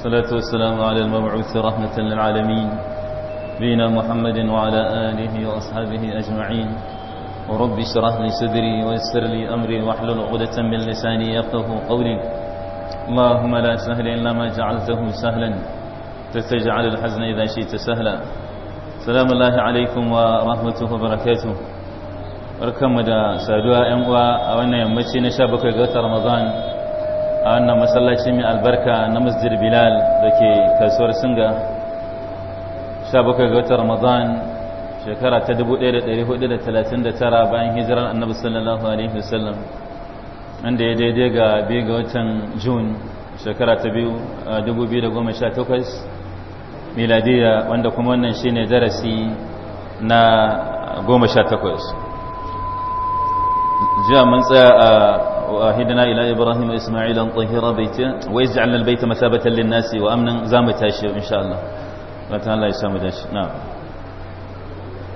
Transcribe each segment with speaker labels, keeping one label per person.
Speaker 1: الصلاة والسلام على المبعوث رحمة للعالمين بين محمد وعلى آله وأصحابه أجمعين ورب اشرح لي صدري ويسر لي أمري واحلل عقدة من لساني يفقه قولي اللهم لا سهل إلا ما جعلته سهلا تتجعل الحزن إذا شئت سهلا سلام الله عليكم ورحمته وبركاته barkanmu da saduwa 'yan uwa يمشي نشابك yammaci رمضان a wannan masallaci mai albarka na masjid bilal da ke kasuwar singa 17 ga watan ramadan shekara ta 1439 bayan hijirar annabi sallallahu alaihi wasallam inda ya daidai ga biyu ga watan jun shekara ta 2018 miladiya wanda kuma wannan shine darasi na 18 jiya mun tsaya a واهدنا إلى إبراهيم وإسماعيل أن طهر بيته ويجعلنا البيت مثابة للناس وأمنا زامت هاشي إن شاء الله الله تعالى يسامي داشي نعم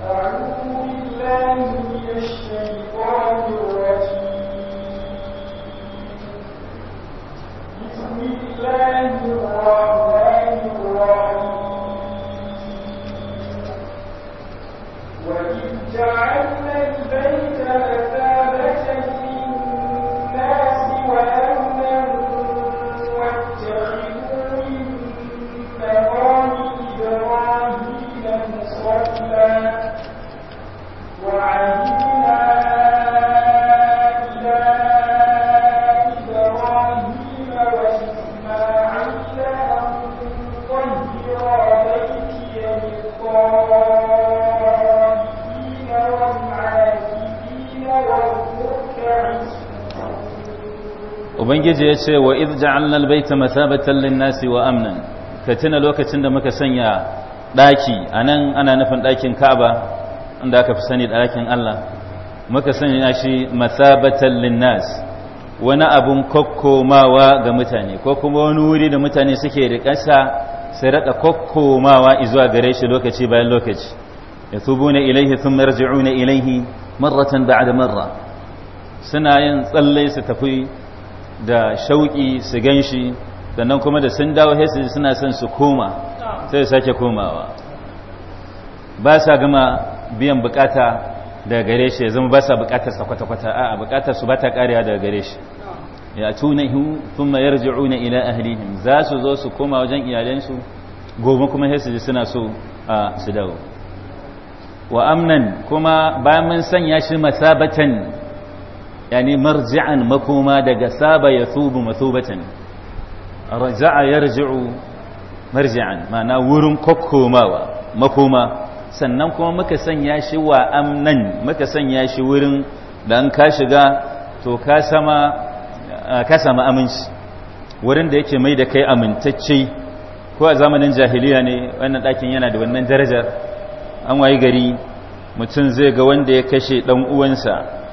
Speaker 2: أعوذ بالله من الشيطان الرجيم بسم الله الرحمن الرحيم وإذ جعلنا البيت
Speaker 1: ubangiji ya ce wa iz ja'alna baita mathabatan lin-nasi wa amnan ka tuna lokacin da muka sanya daki anan ana nufin dakin Ka'aba inda aka fi sani dakin Allah muka sanya shi mathabatan linnas wani abun kokkomawa ga mutane ko kuma wani wuri da mutane suke rikasa sai raka kokkomawa zuwa gare shi lokaci bayan lokaci yatubuna ilaihi thumma yarji'una ilaihi marratan ba'da marra suna yin tsalle su tafi da shauƙi su gan shi sannan kuma da sun dawo hesi suna son su koma sai sake komawa ba sa gama biyan bukata daga gare shi zama ba sa bukatar sa kwata-kwata a bukatar su ba ta karewa daga gare shi ya tuna ma thumma una ila ahlihim za su zo su koma wajen iyalansu gobe kuma hesi suna so a su dawo wa amnan kuma bayan mun sanya shi masabatan yani marji'an makoma daga saba ya thubu mathubatan raja'a yarji'u marji'an ma'ana wurin kokkomawa makoma sannan kuma muka sanya shi wa amnan muka sanya shi wurin dan ka shiga to ka sama ka sama aminci wurin da yake mai da kai amintacce ko a zamanin jahiliya ne wannan ɗakin yana da wannan darajar an wayi gari mutum zai ga wanda ya kashe ɗan uwansa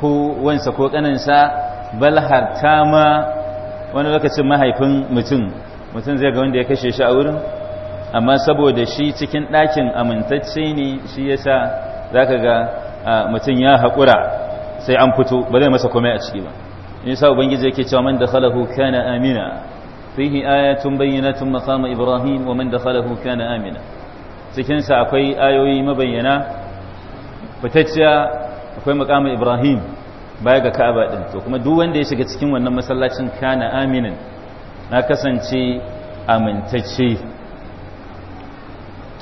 Speaker 1: ko wansa ko kaninsa bal ta ma wani lokacin mahaifin mutum mutum zai ga wanda ya kashe shi a wurin amma saboda shi cikin ɗakin amintacce ne shi ya sa za ka ga mutum ya haƙura sai an fito ba zai masa komai a ciki ba nisa ubangiji yake cewa man khalahu kana amina fihi ayatun bayyinatun maqama ibrahim wa man khalahu kana amina cikin akwai ayoyi mabayyana fitacciya akwai makamin ibrahim baya ga ka'aba din to kuma duk wanda ya shiga cikin wannan masallacin kana aminin na kasance amintacce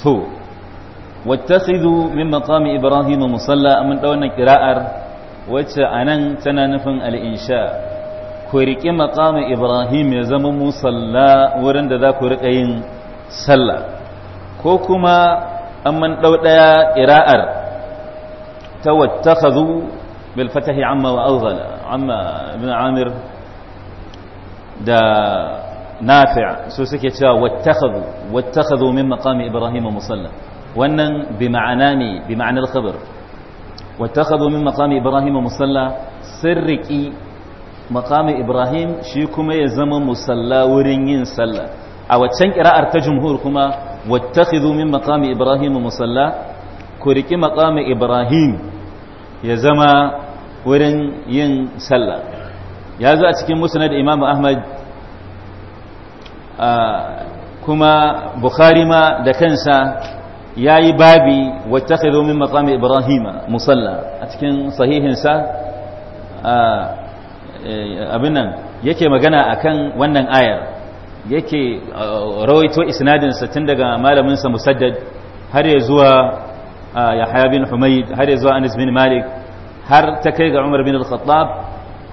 Speaker 1: to wattakhidhu min maqami ibrahim musalla mun da wannan qira'ar wacce anan tana nufin al-insha ku riƙi maƙamin ibrahim ya zama musalla wurin da za ku riƙa yin sallah ko kuma an man ɗau ɗaya ƙira'ar ta بالفتح عما وأوغل عما ابن عامر دا نافع سو suke cewa wattakhadhu wattakhadhu min maqami ibrahim musalla wannan bi ma'ana ne ma'anar khabar wattakhadhu min maqami ibrahim musalla sirriki maqami ibrahim shi kuma ya zama musalla wurin yin sallah a waccan kira'ar ta jumhur kuma wattakhadhu min ibrahim ku riki ibrahim ya zama wurin yin sallah ya zo a cikin musnad imam ahmad kuma bukhari ma da kansa ya yi babi wata min maqami ibrahim musalla a cikin sahihinsa eh, abin nan yake magana a kan wannan ayar yake rawaito isnadinsa tun daga malaminsa musaddad har ya zuwa yahya bin humayd har zuwa anas bin malik har ta kai ga umar bin al-khattab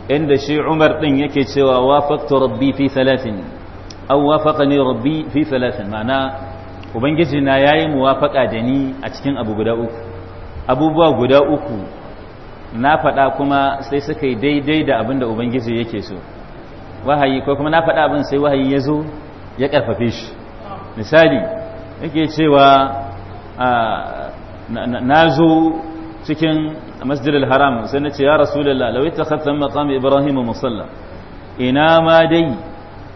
Speaker 1: inda shi umar din yake cewa wafaqtu rabbi fi thalathin aw wafaqani rabbi fi thalathin ma'ana ubangiji na yayi muwafaqa da ni a cikin abu guda uku abubuwa guda uku na faɗa kuma sai suka yi daidai da abin da ubangiji yake so wahayi ko kuma na faɗa abin sai wahayi ya zo ya ƙarfafe shi misali yake cewa na zo cikin masjidil haram sai na ce ya rasulullah lawai ta khatsan maqam ibrahim musalla ina ma dai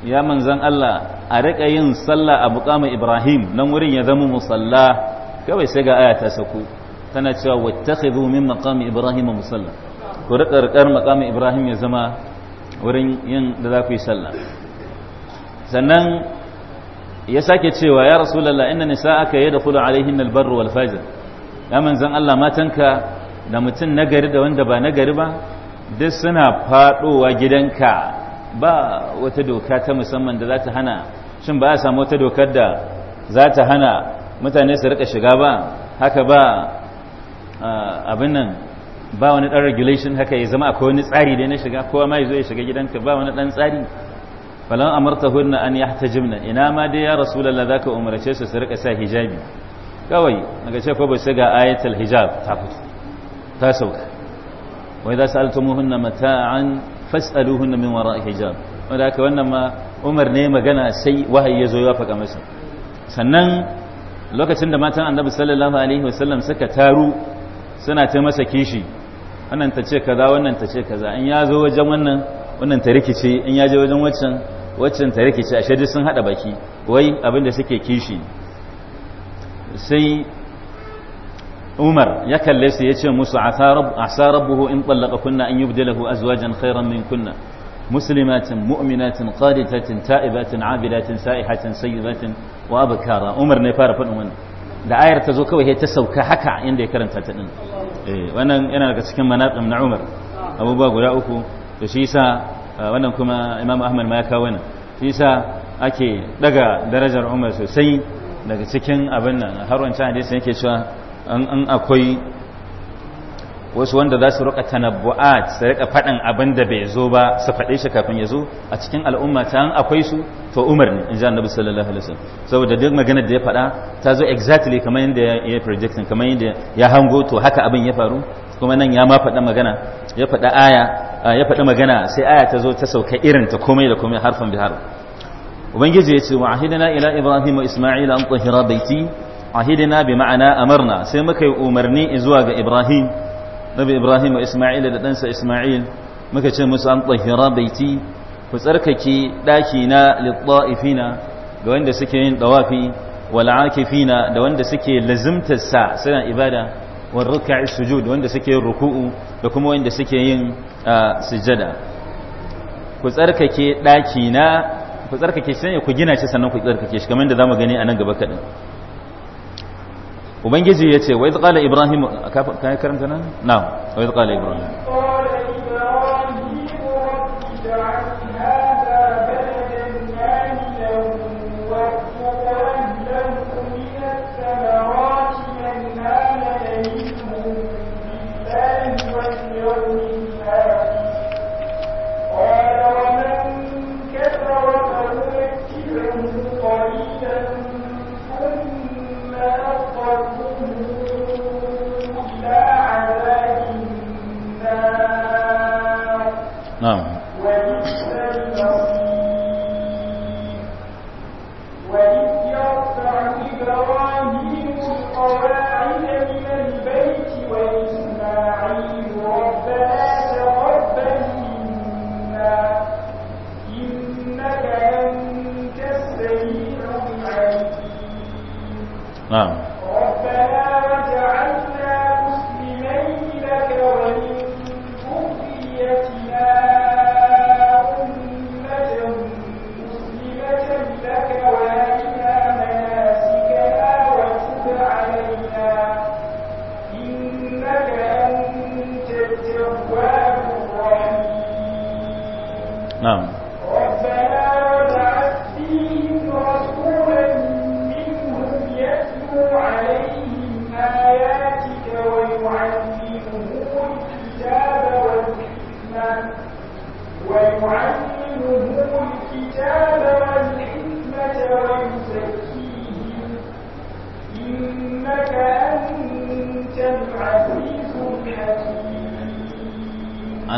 Speaker 1: ya manzan Allah a riƙa yin sallah a buƙamin ibrahim nan wurin ya zama musalla kawai sai ga aya ta sako tana cewa wattakhidhu min maqami ibrahim musalla ku riƙa riƙar maqamin ibrahim ya zama wurin yin da za ku yi sallah sannan ya sake cewa ya rasulullah inna nisa'aka yadkhulu alaihin albarru wal fajr ya manzan Allah matanka da mutum nagari da wanda ba nagari ba duk suna fadowa gidanka ba wata doka ta musamman da za ta hana shin ba a samu wata dokar da za ta hana mutane su rika shiga ba haka ba abin nan ba wani ɗan regulation haka ya zama akwai wani tsari dai na shiga kowa ma ya zo ya shiga gidanka ba wani ɗan tsari falon amarta hurna an ya jimna ina ma dai ya rasu lalla za ka umarce su su rika sa hijabi kawai daga ce ko ba su ga ayatul hijab ta fito ta sauka wai za su mata'an fas'aluhunna min wara'i hijab wanda haka wannan ma umar ne magana sai wahayi ya ya faka masa sannan lokacin da matan annabi sallallahu alaihi wasallam suka taru suna ta masa kishi wannan ta ce kaza wannan ta ce kaza in ya zo wajen wannan wannan ta rikice in ya je wajen waccan waccan ta rikice ashe duk sun hada baki wai abin da suke kishi sai umar ya kalle su ya ce musu asa rabbuhu in tsallaka kunna an yubdilahu azwajan khairan min kunna muslimatin mu'minatin qaditatin ta'ibatin abidatin sa'ihatin sayyibatin wa abkara umar ne fara faɗin wannan da ayar ta zo kawai ta sauka haka inda ya karanta ta din eh, wannan yana daga cikin manaqib na umar abubuwa guda uku to shi yasa ah, wannan kuma imam ahmad ma ya kawo wannan shi yasa ake daga darajar umar sosai daga cikin abin nan har wancan hadisin yake cewa an akwai wasu wanda za su rika tanabbu'at su rika faɗin abin da bai zo ba su fade shi kafin ya zo a cikin al'umma ta an akwai su to umar ne in ji annabi sallallahu alaihi wasallam saboda duk maganar da ya faɗa ta zo exactly kamar yadda ya projecting kamar yadda ya hango to haka abin ya faru kuma nan ya ma faɗa magana ya faɗa aya ya faɗa magana sai aya ta zo ta sauka irin ta komai da komai harfan bi harfan ubangiji ya ce wa ahidina ila ibrahim wa isma'il an tahira baiti ahidina bi ma'ana amarna sai muka yi umarni zuwa ga ibrahim nabi ibrahim wa isma'il da dansa isma'il muka ce musu an tahira baiti ku tsarkake daki na litta'ifina ga wanda suke yin dawafi wal akifina da wanda suke lazimtar sa suna ibada wal ruk'i sujud wanda suke yin ruku'u da kuma wanda suke yin ah, sujada ku tsarkake daki na ku tsarkake shi sai ku gina shi sannan ku tsarkake shi kamar da zamu gani a nan gaba kaɗan ubangiji ya ce wa iz qala ibrahim ka karanta nan na wa iz qala ibrahim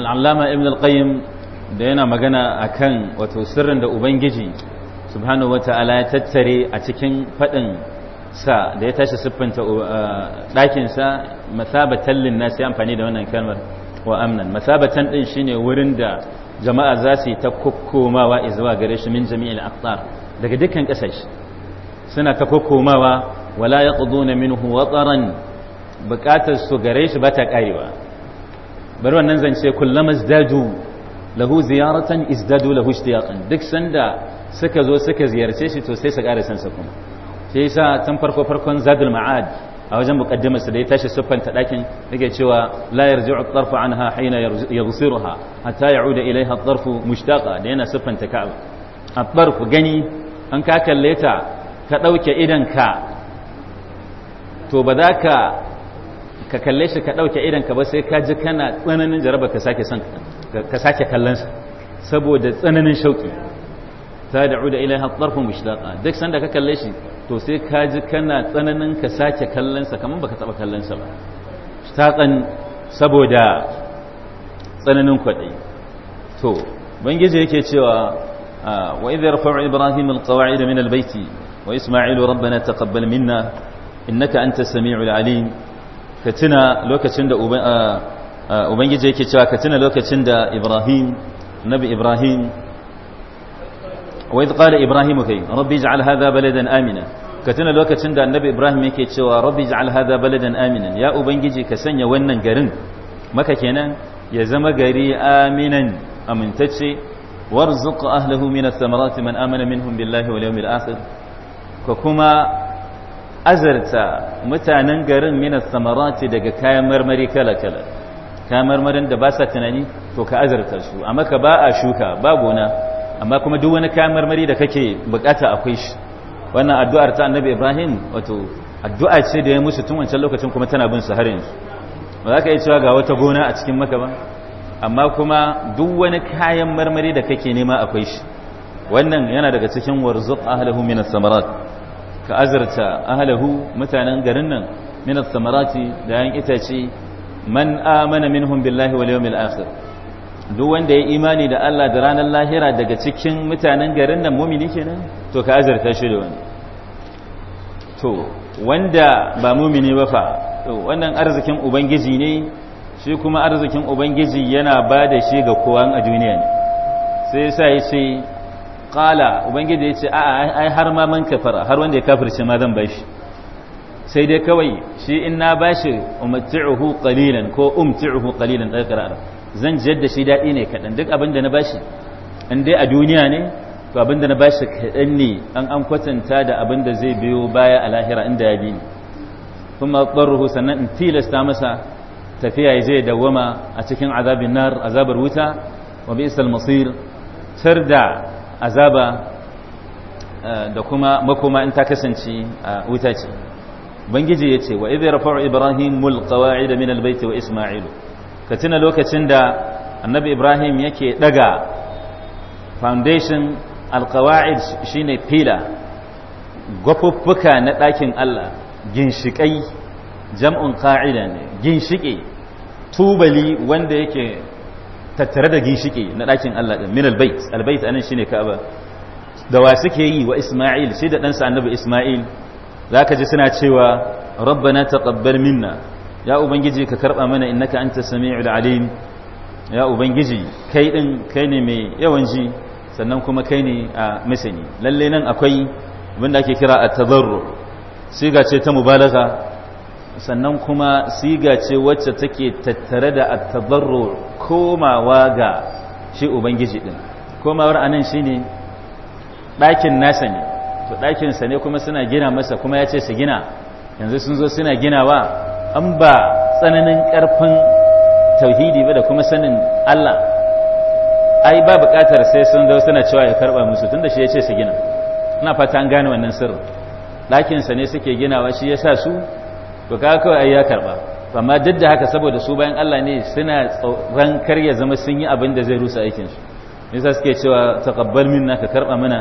Speaker 1: al'allama ibn al-qayyim da yana magana akan wato sirrin da ubangiji subhanahu ta'ala ya tattare a cikin faɗin sa da ya tashi siffanta uh, ɗakinsa sa masabatan linnas ya amfani da wannan kalmar wa amnan masabatan din shine wurin da jama'a za su yi ta kokkomawa zuwa gare shi min jami'in aqtar daga dukkan ƙasashe suna ta kokkomawa wala yaqduna minhu wataran buƙatar su gare shi ba ta karewa bari wannan zance kullama izdadu lahu ziyaratan izdadu lahu ishtiyaqan duk sanda suka zo suka ziyarce shi to sai su ƙara san sa kuma sai yasa tan farko farkon zadul ma'ad a wajen muqaddimar sa da ya tashi siffanta dakin yake cewa la yarji'u at-tarf anha hina yaghsiruha hatta ya'uda ilayha at-tarf mushtaqa da yana ta ka'aba at-tarf gani an ka kalle ta ka dauke idan ka to ba za ka ka kalle shi ka ɗauke idan ka ba sai ka ji kana tsananin jaraba ka sake son ka sake kallon sa saboda tsananin shauki ta da'u da ilaiha tsarfin mushtaqa duk sanda ka kalle shi to sai ka ji kana tsananin ka sake kallon sa kamar baka taba kallon sa ba mushtaqan saboda tsananin kwaɗayi to bangije yake cewa ah, wa idh yarfa'u ibrahim alqawa'id min Baiti wa isma'ilu rabbana taqabbal minna innaka anta samiul alim ka tuna lokacin da ubangiji yake cewa ka tuna lokacin da ibrahim nabi ibrahim wa idh qala ibrahim kai rabbi ij'al hadha baladan amina ka tuna lokacin da nabi ibrahim yake cewa rabbi ij'al hadha baladan amina ya ubangiji ka sanya wannan garin maka kenan ya zama gari aminan amintacce warzuq ahlahu min ath-thamarati man amana minhum billahi wal yawmil akhir ka kuma azarta mutanen garin mina samarati daga kayan marmari kala-kala kayan marmarin da ba sa tunani to ka azarta su amma ka ba a shuka ba gona amma kuma duk wani kayan marmari da kake bukata akwai shi wannan addu'ar ta annabi ibrahim wato addu'a ce da ya musu tun wancan lokacin kuma tana bin su har yanzu ba za ka yi cewa ga wata gona a cikin maka ba amma kuma duk wani kayan marmari da kake nema akwai shi wannan yana daga cikin warzuq ahlihu Minas samarat ka azarta ahlahu mutanen garin nan min samarati da yan itace man amana minhum billahi wal yawmil akhir duk wanda ya imani da Allah da ranar lahira daga cikin mutanen garin nan mumini kenan to ka azarta shi da wani to wanda ba mumini ba fa wannan arzikin ubangiji ne shi kuma arzikin ubangiji yana ba da shi ga kowa a duniya ne sai yasa yace qala ubangiji yace a'a ai har ma man kafara har wanda ya kafirce ma zan bashi sai dai kawai shi inna bashi umti'uhu qalilan ko umti'uhu qalilan da karara zan jiyar da shi dadi ne kadan duk abin da na bashi in dai a duniya ne to abin da na bashi kadan ne an an kwatanta da abin da zai biyo baya a lahira inda ya bi kuma qarruhu sannan in tilasta masa tafiya zai dawwama a cikin azabin nar azabar wuta wa bi'sal masir tarda azaba eh, da kuma makoma in ta kasance a wuta ce bangiji ya ce wa idai rafa'u ibrahim mul qawa'id min albayt wa isma'ilu ka tuna lokacin da annabi ibrahim yake daga foundation alqawa'id shine fila gwafuffuka na ɗakin Allah ginshiƙai jam'un ƙa'ida ne ginshiƙe tubali wanda yake tattare da ginshike na ɗakin Allah ɗin min albayt albayt anan shine Ka'aba da wa suke yi wa Isma'il shi da ɗansa annabi Isma'il zaka ji suna cewa rabbana taqabbal minna ya ubangiji ka karba mana innaka anta samiul alim ya ubangiji kai din kai ne mai yawan ji sannan kuma kai ne a masani lalle nan akwai abinda ake kira at-tadarru siga ce ta mubalagha sannan kuma siga ce wacce take tattare da at komawa ga shi ubangiji din komawar anan shine ɗakin nasa ne to ɗakin sa ne kuma suna gina masa kuma ya ce su gina yanzu sun zo suna ginawa an ba tsananin ƙarfin tauhidi ba da kuma sanin Allah ai ba buƙatar sai sun zo suna cewa ya karɓa musu tunda shi ya ce su gina ina fata an gane wannan sirrin ɗakin sa ne suke ginawa shi ya sa su to ka kawai ai ya karba amma duk da haka saboda su bayan Allah ne suna tsoron kar ya zama sun yi abin da zai rusa aikin su yasa suke cewa taqabbal minna ka karba mana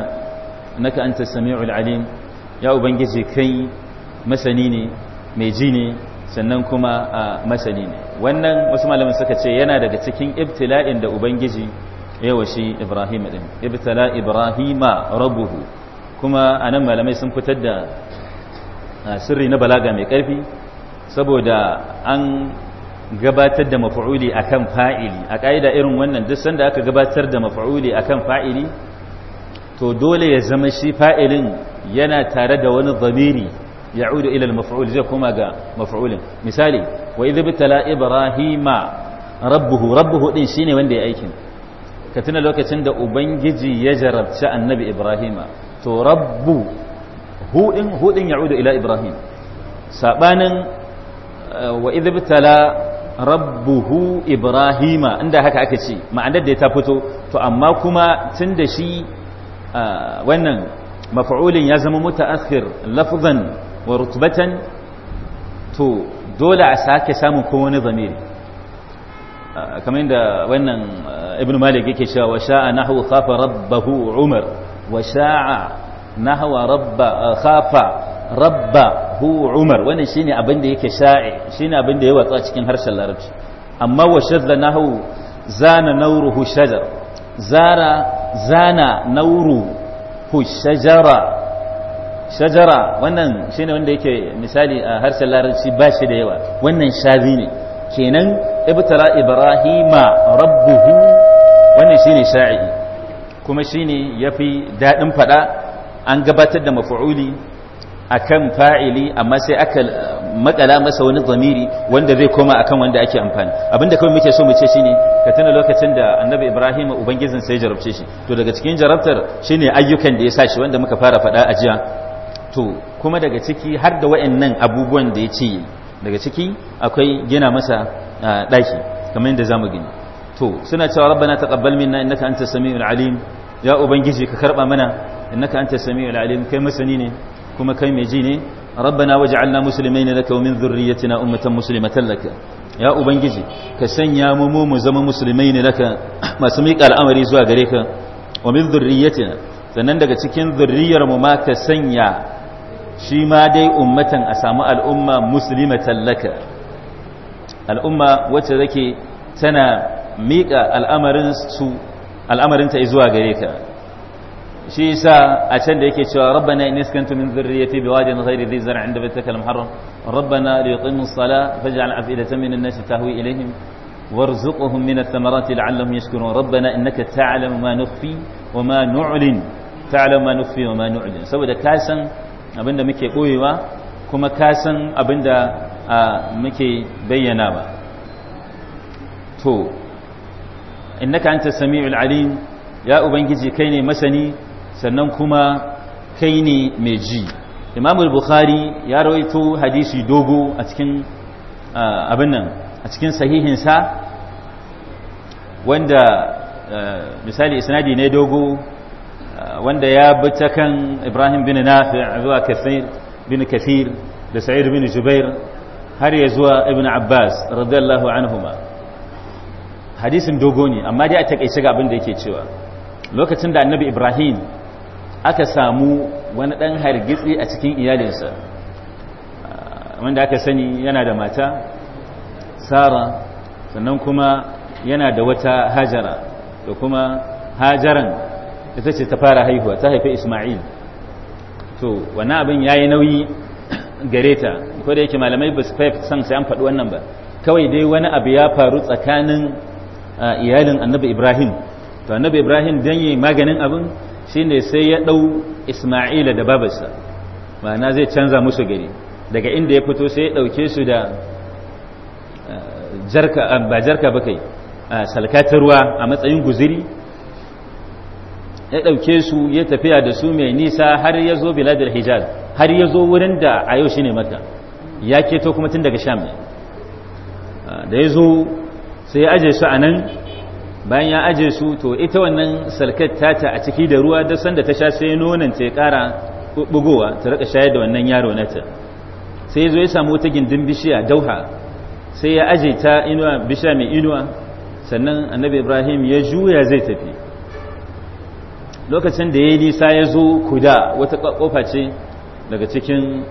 Speaker 1: innaka antas samiul alim ya ubangiji kai masani ne mai ji ne sannan kuma a masani ne wannan wasu malamin suka ce yana daga cikin ibtila'in da ubangiji ya shi ibrahim din ibtala ibrahima rabbuhu kuma anan malamai sun fitar da sirri na balaga mai karfi saboda an gabatar da mafa'uli a kan fa'ili a ƙa'ida irin wannan duk sanda aka gabatar da maf'uli akan fa'ili to dole ya zama shi fa'ilin yana tare da wani zamiri ya'udu ila al-maf'ul zai kuma ga maf'ulin misali wa idh bitala ibrahima rabbuhu rabbuhu din shine wanda ya aikin ka tuna lokacin da ubangiji ya jarabci annabi ibrahima to rabbu hudin hudin ya'udu ila ibrahim sabanin eh, wa idh rabbuhu ibrahima inda haka aka ce ma'anar da ta fito to amma kuma tun da shi eh, wannan mafa'ulin ya zama mutaakhir lafzan wa rutbatan to dole a sake samun ko wani zamiri eh, kamar yadda wannan ibn malik yake cewa wa sha'a nahu khafa rabbahu umar wa sha'a Na nahwa rabba eh, khafa rabba hu umar wannan shine abin da yake sha'i shine abin da ya watsa cikin harshen larabci amma wa shadda nahwu zana nauruhu shajar zara zana nauru hu shajara shajara wannan shine wanda yake misali a harshen larabci ba shi da yawa wannan shazi ne kenan ibtala ibrahima rabbuhu wannan shine sha'i kuma shine yafi dadin fada an gabatar da a kan fa'ili amma sai aka makala masa wani zamiri wanda zai koma a kan wanda ake amfani abinda kawai muke so mu ce ne ka tuna lokacin da annabi ibrahim ubangijin sai jarabce shi to daga cikin jarabtar shine ayyukan da ya sa shi wanda muka fara faɗa a jiya to kuma daga ciki har da wayannan abubuwan da ya ce daga ciki akwai gina masa ɗaki kamar yadda za mu gani to suna cewa rabbana taqabbal minna innaka antas samiul alim ya ubangiji ka karba mana innaka anta samiul alim kai masani ne kuma kai mai ji ne rabbana waj'alna muslimaina laka wa min dhurriyyatina ummatan muslimatan laka ya ubangiji ka sanya mu mu mu zama musulmai ne laka masu miƙa al'amari zuwa gare ka wa min dhurriyyatina sannan daga cikin zurriyar mu ma ka sanya shi ma dai ummatan a samu al'umma muslimatan laka al'umma wacce take tana miƙa al'amarin su al'amarin al'amarinta zuwa gare ka shi yasa a can da yake cewa rabbana in iskantu min zurriyyati biwadin ghairi dhi zar'in inda baitaka al-muharram rabbana li yuqimu as-salah faj'al af'idatan min an-nasi tahwi ilayhim warzuqhum min ath-thamarati la'allahum yashkurun rabbana innaka ta'lamu ma nukhfi wa ma nu'lin ta'lamu ma nukhfi wa ma nu'lin saboda ka san abinda muke koyewa kuma ka san abinda muke bayyana ba to innaka anta samiul alim ya ubangiji kai ne masani sannan kuma kai ne mai ji imam bukhari ya rawaito hadisi dogo a cikin abin nan a cikin sahihinsa wanda misali isnadi ne dogo wanda ya bi kan ibrahim bin nafi' zuwa kathir bin kathir da sa'id bin jubair har ya zuwa ibn abbas radiyallahu anhuma hadisin dogo ne amma dai a takaice ga abin da yake cewa lokacin da annabi ibrahim aka samu wani ɗan hargitsi a cikin iyalinsa wanda aka sani yana da mata sara sannan kuma yana da wata hajara da kuma hajaran ita ce ta fara haihuwa ta haifi ismail to wani abin ya yi nauyi gare ta ko da yake malamai ba su san sai an faɗi wannan ba kawai dai wani abu ya faru tsakanin uh, iyalin annabi ibrahim to annabi ibrahim don yi maganin abin shine sai ya ɗau Isma'ila da babarsa ma'ana zai canza musu gari daga inda ya fito sai ya ɗauke su da eh, ah, ba jarka ba kai ruwa a matsayin guziri ya ɗauke su ya tafiya da su mai nisa har ya zo biladar hijaz har ya zo wurin da a yau shine mata ya keto kuma tun daga sham ne ah, da ya zo sai ya aje su a nan bayan ya aje su to ita wannan salkar ta a ciki da ruwa da sanda ta sha sai nonon ta ya kara bugowa ta rika shayar da wannan yaro na ta sai ya zo ya samu wata gindin bishiya dauha sai ya aje ta inuwa bishiya mai inuwa sannan annabi ibrahim ya juya zai tafi lokacin da ya yi nisa ya zo kuda wata kofa ce daga cikin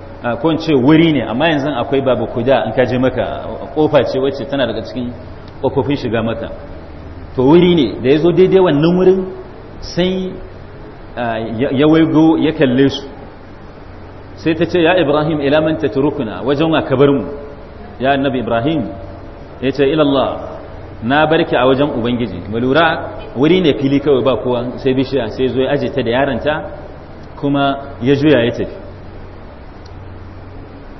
Speaker 1: ko wuri ne amma yanzu akwai babu kuda in ka je maka kofa ce wacce tana daga cikin kofofin shiga maka to wuri ne da ya zo daidai wannan wurin sai uh, ya waigo ya kalle su sai ta ce ya ibrahim ilaman ta turukuna wajen wa kabar mu ya annabi ibrahim ya ce ilallah na barki a wajen ubangiji malura wuri ne fili kawai ba kowa sai bishiya sai zo ya ta da yaranta kuma ya juya ya tafi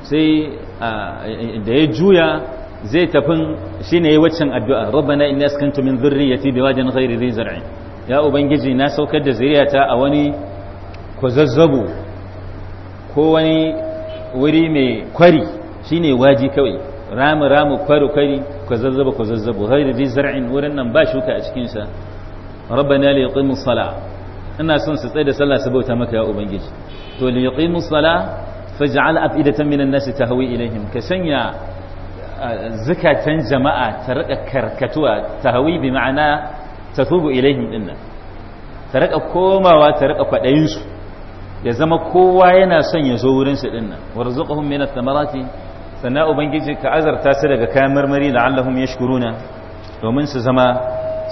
Speaker 1: sai uh, da ya juya zai tafin shine yayi waccan addu'a rabbana inni askantu min dhurriyyati wajen ghairi dhi zar'in ya ubangiji na saukar da zuriyata a wani kwazazzabo ko wani wuri mai kwari shine waji kawai ramu ramu kwari kwari kwazazzabo kwazazzabo ghairi dhi zar'in wurin nan ba shuka a cikin sa rabbana li yuqimu salah ina son su tsaye da sallah su bauta maka ya ubangiji to li yuqimu salah faj'al afidatan minan nasi tahwi ilaihim ka sanya zukatan jama'a ta rika karkatuwa ta hawi bi ma'ana ta tubu ilaihim dinnan ta rika komawa ta rika kwaɗayinsu ya zama kowa yana son ya zo wurinsu dinnan warzuqahum min ath-thamarati sannan ubangiji ka azarta su daga kayan marmari la'allahum yashkuruna domin su zama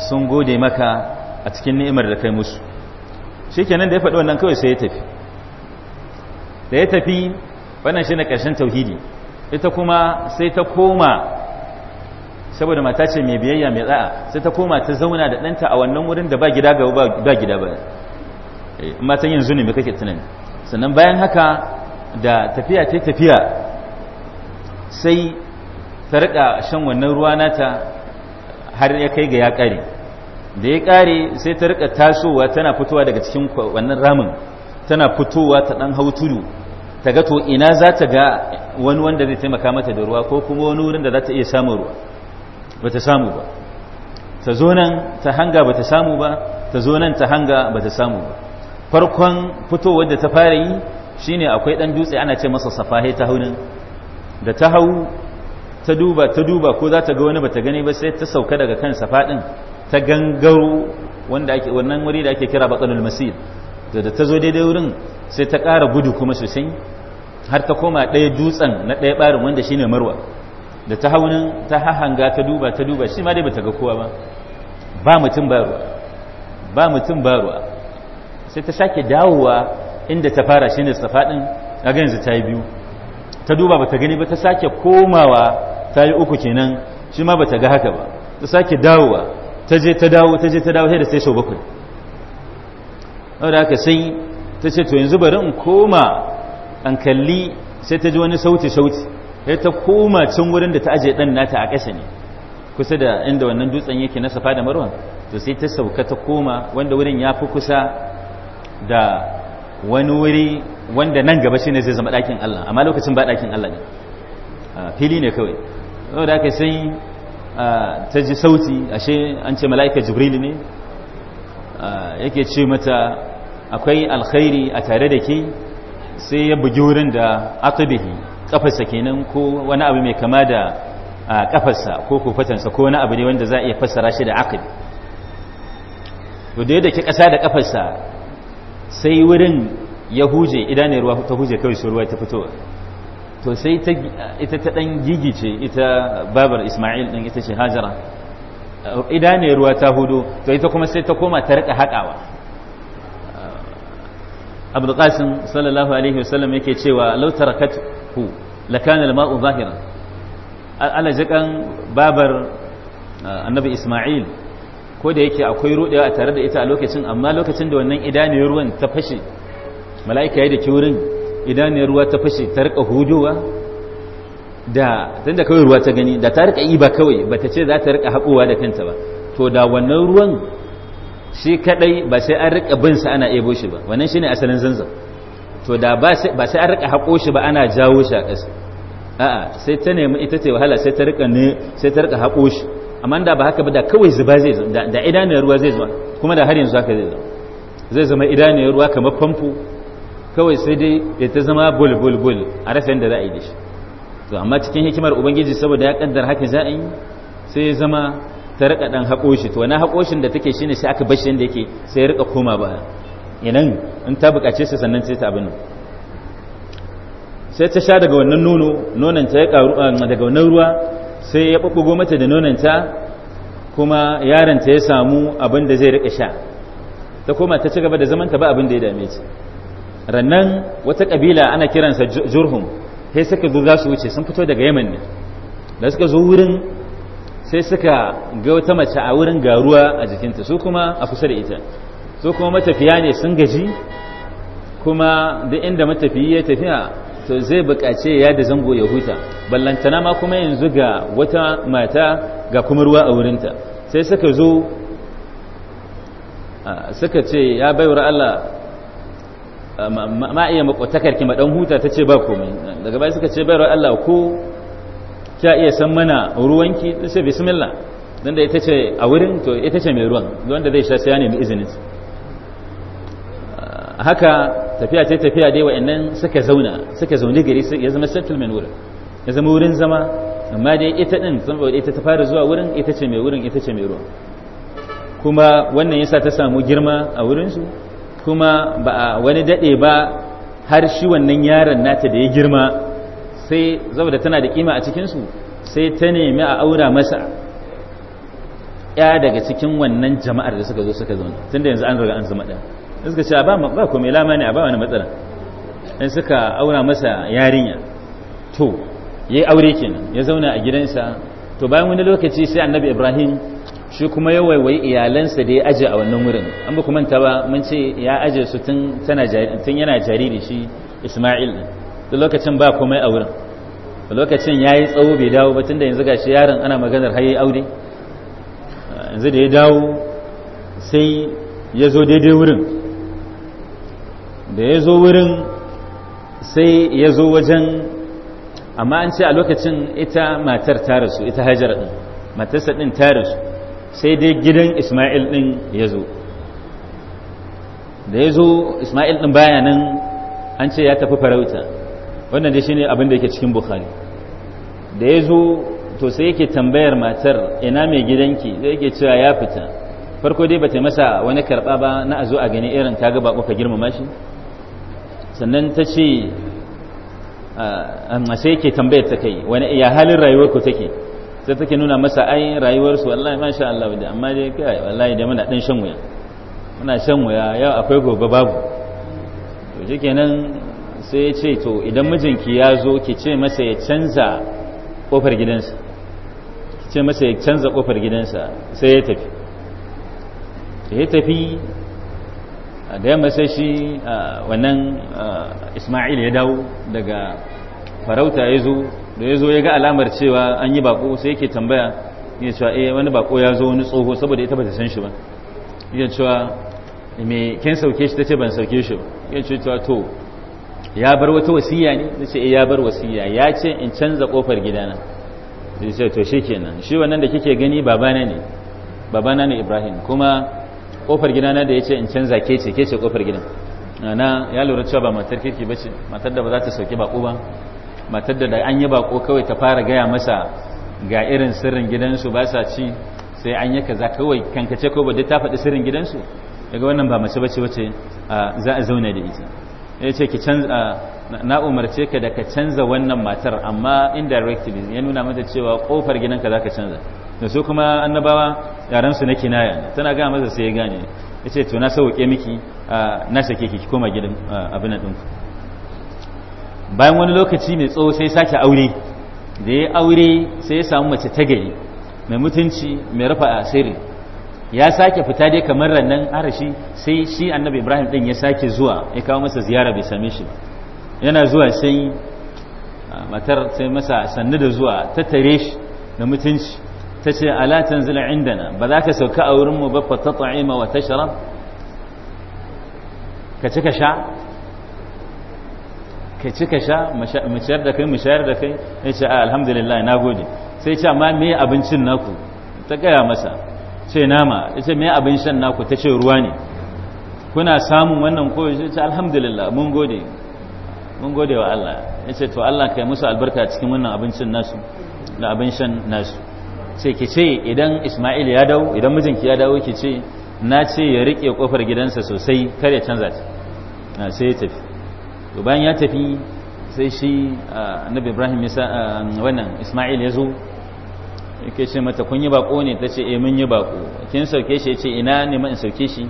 Speaker 1: sun gode maka a cikin ni'imar da kai musu shikenan da ya faɗi wannan kawai sai ya tafi da ya tafi wannan shine ƙarshen tauhidi ita kuma sai ta koma saboda mata ce mai biyayya mai tsa'a sai ta koma ta zauna da ɗanta a wannan wurin da ba gida ga ba gida ba eh, matan yanzu ne mai kake tunani sannan bayan haka da tafiya ta tafiya sai ta riƙa shan wannan ruwa nata har ya kai ga ya kare da ya kare sai ta riƙa tasowa tana fitowa daga cikin wannan ramin tana fitowa ta ɗan hau tudu ta ga to ina za ta ga wani wanda zai taimaka mata da ruwa ko kuma wani wurin da za ta iya samun ruwa ba ta samu ba ta zo nan ta hanga ba ta samu ba ta zo nan ta hanga ba ta samu ba farkon fitowar da ta fara yi shine akwai dan dutse ana ce masa safahe ta haunin da ta hau ta duba ta duba ko za ta ga wani ba ta gani ba sai ta sauka daga kan safa ta gangaro wanda ake wannan wuri da ake kira batsalul masil da ta zo daidai wurin sai ta ƙara gudu kuma sosai har ta koma ɗaya dutsen na ɗaya ɓarin wanda shine marwa da ta haunin ta hahanga ta duba ta duba shi ma dai bata ga kowa ba ba mutum ba ruwa ba mutum ba ruwa sai ta sake dawowa inda ta fara shine safaɗin a ga yanzu ta yi biyu ta duba bata gani ba ta sake komawa ta yi uku kenan shi ma bata ga haka ba ta sake dawowa ta je ta dawo ta je ta dawo sai da sai sau bakwai da aka sai ta ce to yanzu bari in koma an kalli sai ta ji wani sauti sauti sai ta koma can wurin da ta aje dan nata a ƙasa ne kusa da inda wannan dutsen yake na safa da marwan to sai ta sauka ta koma wanda wurin ya fi kusa da wani wuri wanda nan gaba shine zai zama ɗakin Allah amma lokacin ba ɗakin Allah ne fili ne kawai saboda aka sai ta ji sauti ashe an ce mala'ika jibril ne yake ce mata akwai alkhairi a tare da ke sai ya bugi wurin da aqdihi kafarsa kenan ko wani abu mai kama da kafarsa ko kofatansa ko wani abu ne wanda za a iya fassara shi da aqd to da yadda ke kasa da kafarsa sai wurin ya huje idan ruwa ta huje kawai su ruwa ta fito to sai ita ta dan gigice ita babar Isma'il din ita ce Hajara idan ruwa ta hudu to ita kuma sai ta koma ta rika haƙawa abu qasim sallallahu alaihi wasallam yake cewa law tarakathu lakana al-ma'u zahiran jikan babar uh, annabi isma'il ko da yake akwai rudewa tare da ita a lokacin amma lokacin da wannan idaniyar ruwan ta fashe mala'ika ya da ke wurin ruwa ta fashe ta rika hudowa da tunda ruwa ta gani da ta rika iba kawai bata ce za ta rika haƙowa da kanta ba to da wannan ruwan shi kadai ba sai an rika bin sa ana ebo shi ba wannan shine asalin zanzan to da ba sai an rika hako shi ba ana jawo shi a ƙasa a'a sai ta nemi ita ce wahala sai ta rika ne sai ta rika hako shi amma da ba haka ba da kawai zuba zai zo da idaniyar ruwa zai zo kuma da har yanzu haka zai zo zai zama idaniyar ruwa kamar famfo kawai sai dai ya ta zama bul bul bul a rafin da za a yi da shi to amma cikin hikimar ubangiji saboda ya kaddar haka za a yi sai ya zama ta rika dan hako shi to wani hakoshin da take shine sai aka bashi yadda yake sai ya rika koma ba inan in ta bukace sa sannan sai ta abin sai ta sha daga wannan nono nonon ta ya karu ah, daga wannan ruwa sai ya bubbugo mata da nonon ta kuma yaron ta ya samu abin da zai rika sha ta koma ta ci gaba da zaman ta ba abin da ya dame ta rannan wata kabila ana kiransa jurhum sai suka zo za su wuce sun fito daga yaman ne da suka zo wurin sai suka ga wata mace a wurin garuwa a jikinta su kuma a kusa da ita su kuma matafiya ne sun gaji kuma duk inda matafiyi ya tafiya to zai buƙace ya da zango ya huta ballantana ma kuma yanzu ga wata mata ga kuma ruwa a wurinta sai suka zo suka ce ya baiwar Allah ma iya makwatakarki maɗan huta ta ce ba komai daga bai suka ce baiwar Allah ko sha iya san mana ruwanki ta ce bismillah don da ita ce a wurin to ita ce mai ruwan wanda zai sha sai ya nemi izinin ah, haka tafiya ce tafiya dai wa'annan suka zauna suka zaune gari ya zama settlement wurin ya zama wurin zama amma dai ita din saboda ita ta fara zuwa wurin ita ce mai wurin ita ce mai ruwan kuma wannan yasa ta samu girma a wurin su kuma ba a wani dade ba har shi wannan yaron nata da ya girma sai zaba tana da kima a cikinsu sai ta nemi a aura masa ya daga cikin wannan jama'ar da suka zo suka tun tunda yanzu an riga an zama da suka ce ba ba kuma ilama a ba wani matsala in suka aura masa yarinya to ya yi aure kenan ya zauna a gidansa to bayan wani lokaci sai annabi ibrahim shi kuma ya waiwayi iyalansa da ya aje a wannan wurin an ba ku manta ba mun ce ya aje su tun yana jariri shi isma'il da lokacin ba komai a wurin da lokacin ya yi tsawo bai dawo ba tunda yanzu gashi yaron ana maganar har aure yanzu da ya dawo sai ya zo daidai wurin da ya zo wurin sai ya zo wajen amma an ce a lokacin ita matar ta rasu ita hajar ɗin matarsa ɗin ta rasu sai dai gidan ismail ɗin ya zo da ya zo ismail ɗin baya nan an ce ya tafi farauta wannan dai shine abin da yake cikin bukhari da ya zo to sai yake tambayar matar ina mai gidanki sai yake cewa ya fita farko dai bata masa wani karba ba na a zo a gani irin kaga ba ka girmama shi sannan ta ce amma sai yake tambayar ta kai wani ya halin rayuwar ku take sai take nuna masa ai rayuwar su wallahi masha Allah da amma dai kai wallahi da muna dan shan wuya muna shan wuya yau akwai gobe babu to kenan. sai ya ce to idan mijinki ya zo ki ce masa ya canza kofar gidansa ki ce masa ya canza kofar gidansa sai ya tafi ya tafi da yamma sai shi wannan ismail ya dawo daga farauta ya zo da ya zo ya ga alamar cewa an yi bako sai yake tambaya ya cewa eh wani bako ya zo wani tsoho saboda ya taba ta san shi ba ya cewa me kin sauke shi ta ce ban sauke shi ba ya ce cewa to ya bar wata wasiya ne zai ce eh, ya bar wasiya ya ce in canza kofar gidana zai ce to kenan shi wannan da kike gani babana ne babana ne Ibrahim kuma kofar gidana da ya ce in canza ke ce ke ce kofar gidan na ya lura cewa ba matar kirki ba ce matar da ba za ta sauke bako ba matar da an yi bako kawai ta fara gaya masa ga irin sirrin gidansu ba sa ci sai an yi kaza kawai kankace ko ba ta faɗi sirrin gidansu daga wannan ba mace ba ce wace za a zauna da ita yace ce ki canza na umarce ka da ka canza wannan matar amma indirectly ya nuna mata cewa kofar gidanka zaka canza da su kuma annabawa su na kinaya tana gaya masa sai ya gane yace to na sauke miki na sake ki koma gidan abin ɗinku bayan wani lokaci mai tsawo sai sake aure da ya aure sai ya samu mace ta gari mai mutunci mai rufa asiri ya sake fita dai kamar rannan arashi sai shi annabi ibrahim din ya sake zuwa ya kawo masa ziyara bai same shi ba yana zuwa sai matar sai masa sannu da zuwa ta tare shi da mutunci ta ce ala tanzila indana ba za ka sauka a wurinmu ba fa tat'ima wa tashrab ka ci ka sha ka ci ka sha mu ciyar da kai mu shayar da kai ya ce alhamdulillah na gode sai ce amma me abincin naku ta gaya masa ce nama ita me abin shan naku ta ce ruwa ne kuna samun wannan koyo ce alhamdulillah mun gode mun gode wa Allah ya ce to Allah kai musu albarka cikin wannan abincin nasu da abin shan nasu ce ki ce idan Ismail ya dawo idan mijinki ya dawo ki ce na ce ya rike kofar gidansa sosai kare canza ta na ah, sai ya tafi to bayan ya tafi sai shi ah, annabi Ibrahim ya ah, wannan Ismail ya zo yake ce mata kun yi bako ne ta ce e mun yi bako kin sauke shi ya ce ina ne ma in sauke shi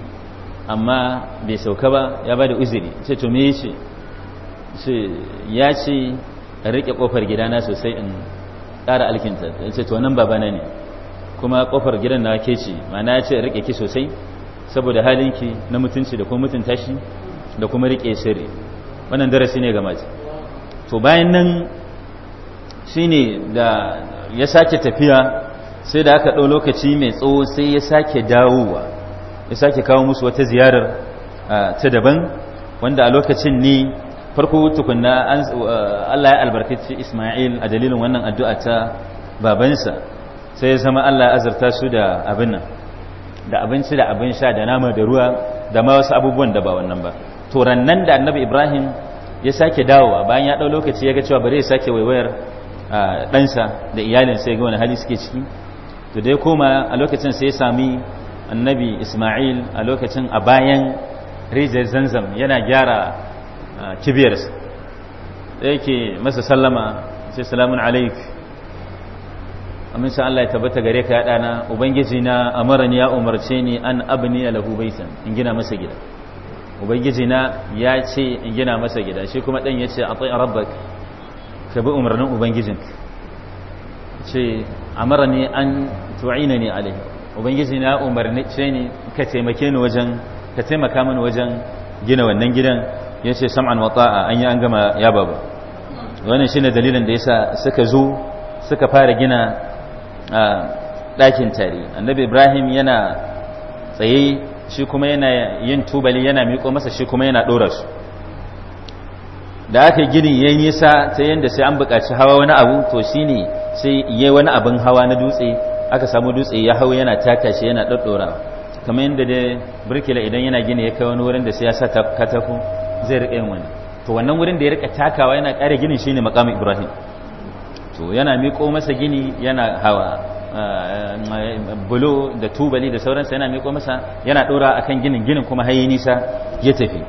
Speaker 1: amma bai sauka ba ya ba da uzuri ce to me yace ce ya ce rike kofar gidana sosai in ƙara alkinta ya ce to nan babana ne kuma kofar gidan na ke ce mana ya ce rike ki sosai saboda halinki na mutunci da kuma mutunta shi da kuma rike sirri wannan darasi ne ga mace to bayan nan shine da ya sake tafiya sai da aka ɗau lokaci mai tsawo sai ya sake dawowa ya sake kawo musu wata ziyarar ta daban wanda a lokacin ne farko tukunna Allah ya albarkaci Ismail a dalilin wannan addu'a ta babansa sai ya zama Allah ya azurta su da abin nan da abinci da abin sha da nama da ruwa da ma wasu abubuwan da ba wannan ba to nan da annabi Ibrahim ya sake dawowa bayan ya ɗau lokaci ya ga cewa bari ya sake waiwayar ɗansa da iyalinsa ya ga wani hali suke ciki to dai koma a lokacin sai ya sami annabi isma'il a lokacin a bayan rijiyar zanzam yana gyara kibiyarsa da yake masa sallama sai salamun alaik amincin Allah ya tabbata gare ka ya na ubangiji na amaran ya umarce ni an abni lahu baitan in gina masa gida ubangiji na ya ce in gina masa gida shi kuma dan ya ce a rabbak ka bi umarnin ubangijin ce a mara ne an tu'ina ne alai ubangiji na umarni ce ne ka taimake ni wajen ka taimaka mini wajen gina wannan gidan ya ce sam'an ta'a an yi an gama ya babu wannan shine dalilin da yasa suka zo suka fara gina ɗakin tare annabi ibrahim yana tsaye shi kuma yana yin tubali yana miƙo masa shi kuma yana ɗora su da aka ginin ya nisa ta yadda sai an buƙaci hawa wani abu to shi ne sai ya wani abin hawa na dutse aka samu dutse ya hau yana taka shi yana ɗaɗɗora kamar yadda da birkila idan yana gini ya kai wani wurin da sai ya sa katako zai riƙa yin wani to wannan wurin da ya riƙa takawa yana ƙara ginin shi ne makamin ibrahim to yana miƙo masa gini yana hawa eh, bulo da tubali da sauransa yana miƙo masa yana ɗora akan ginin ginin kuma hayi nisa ya tafi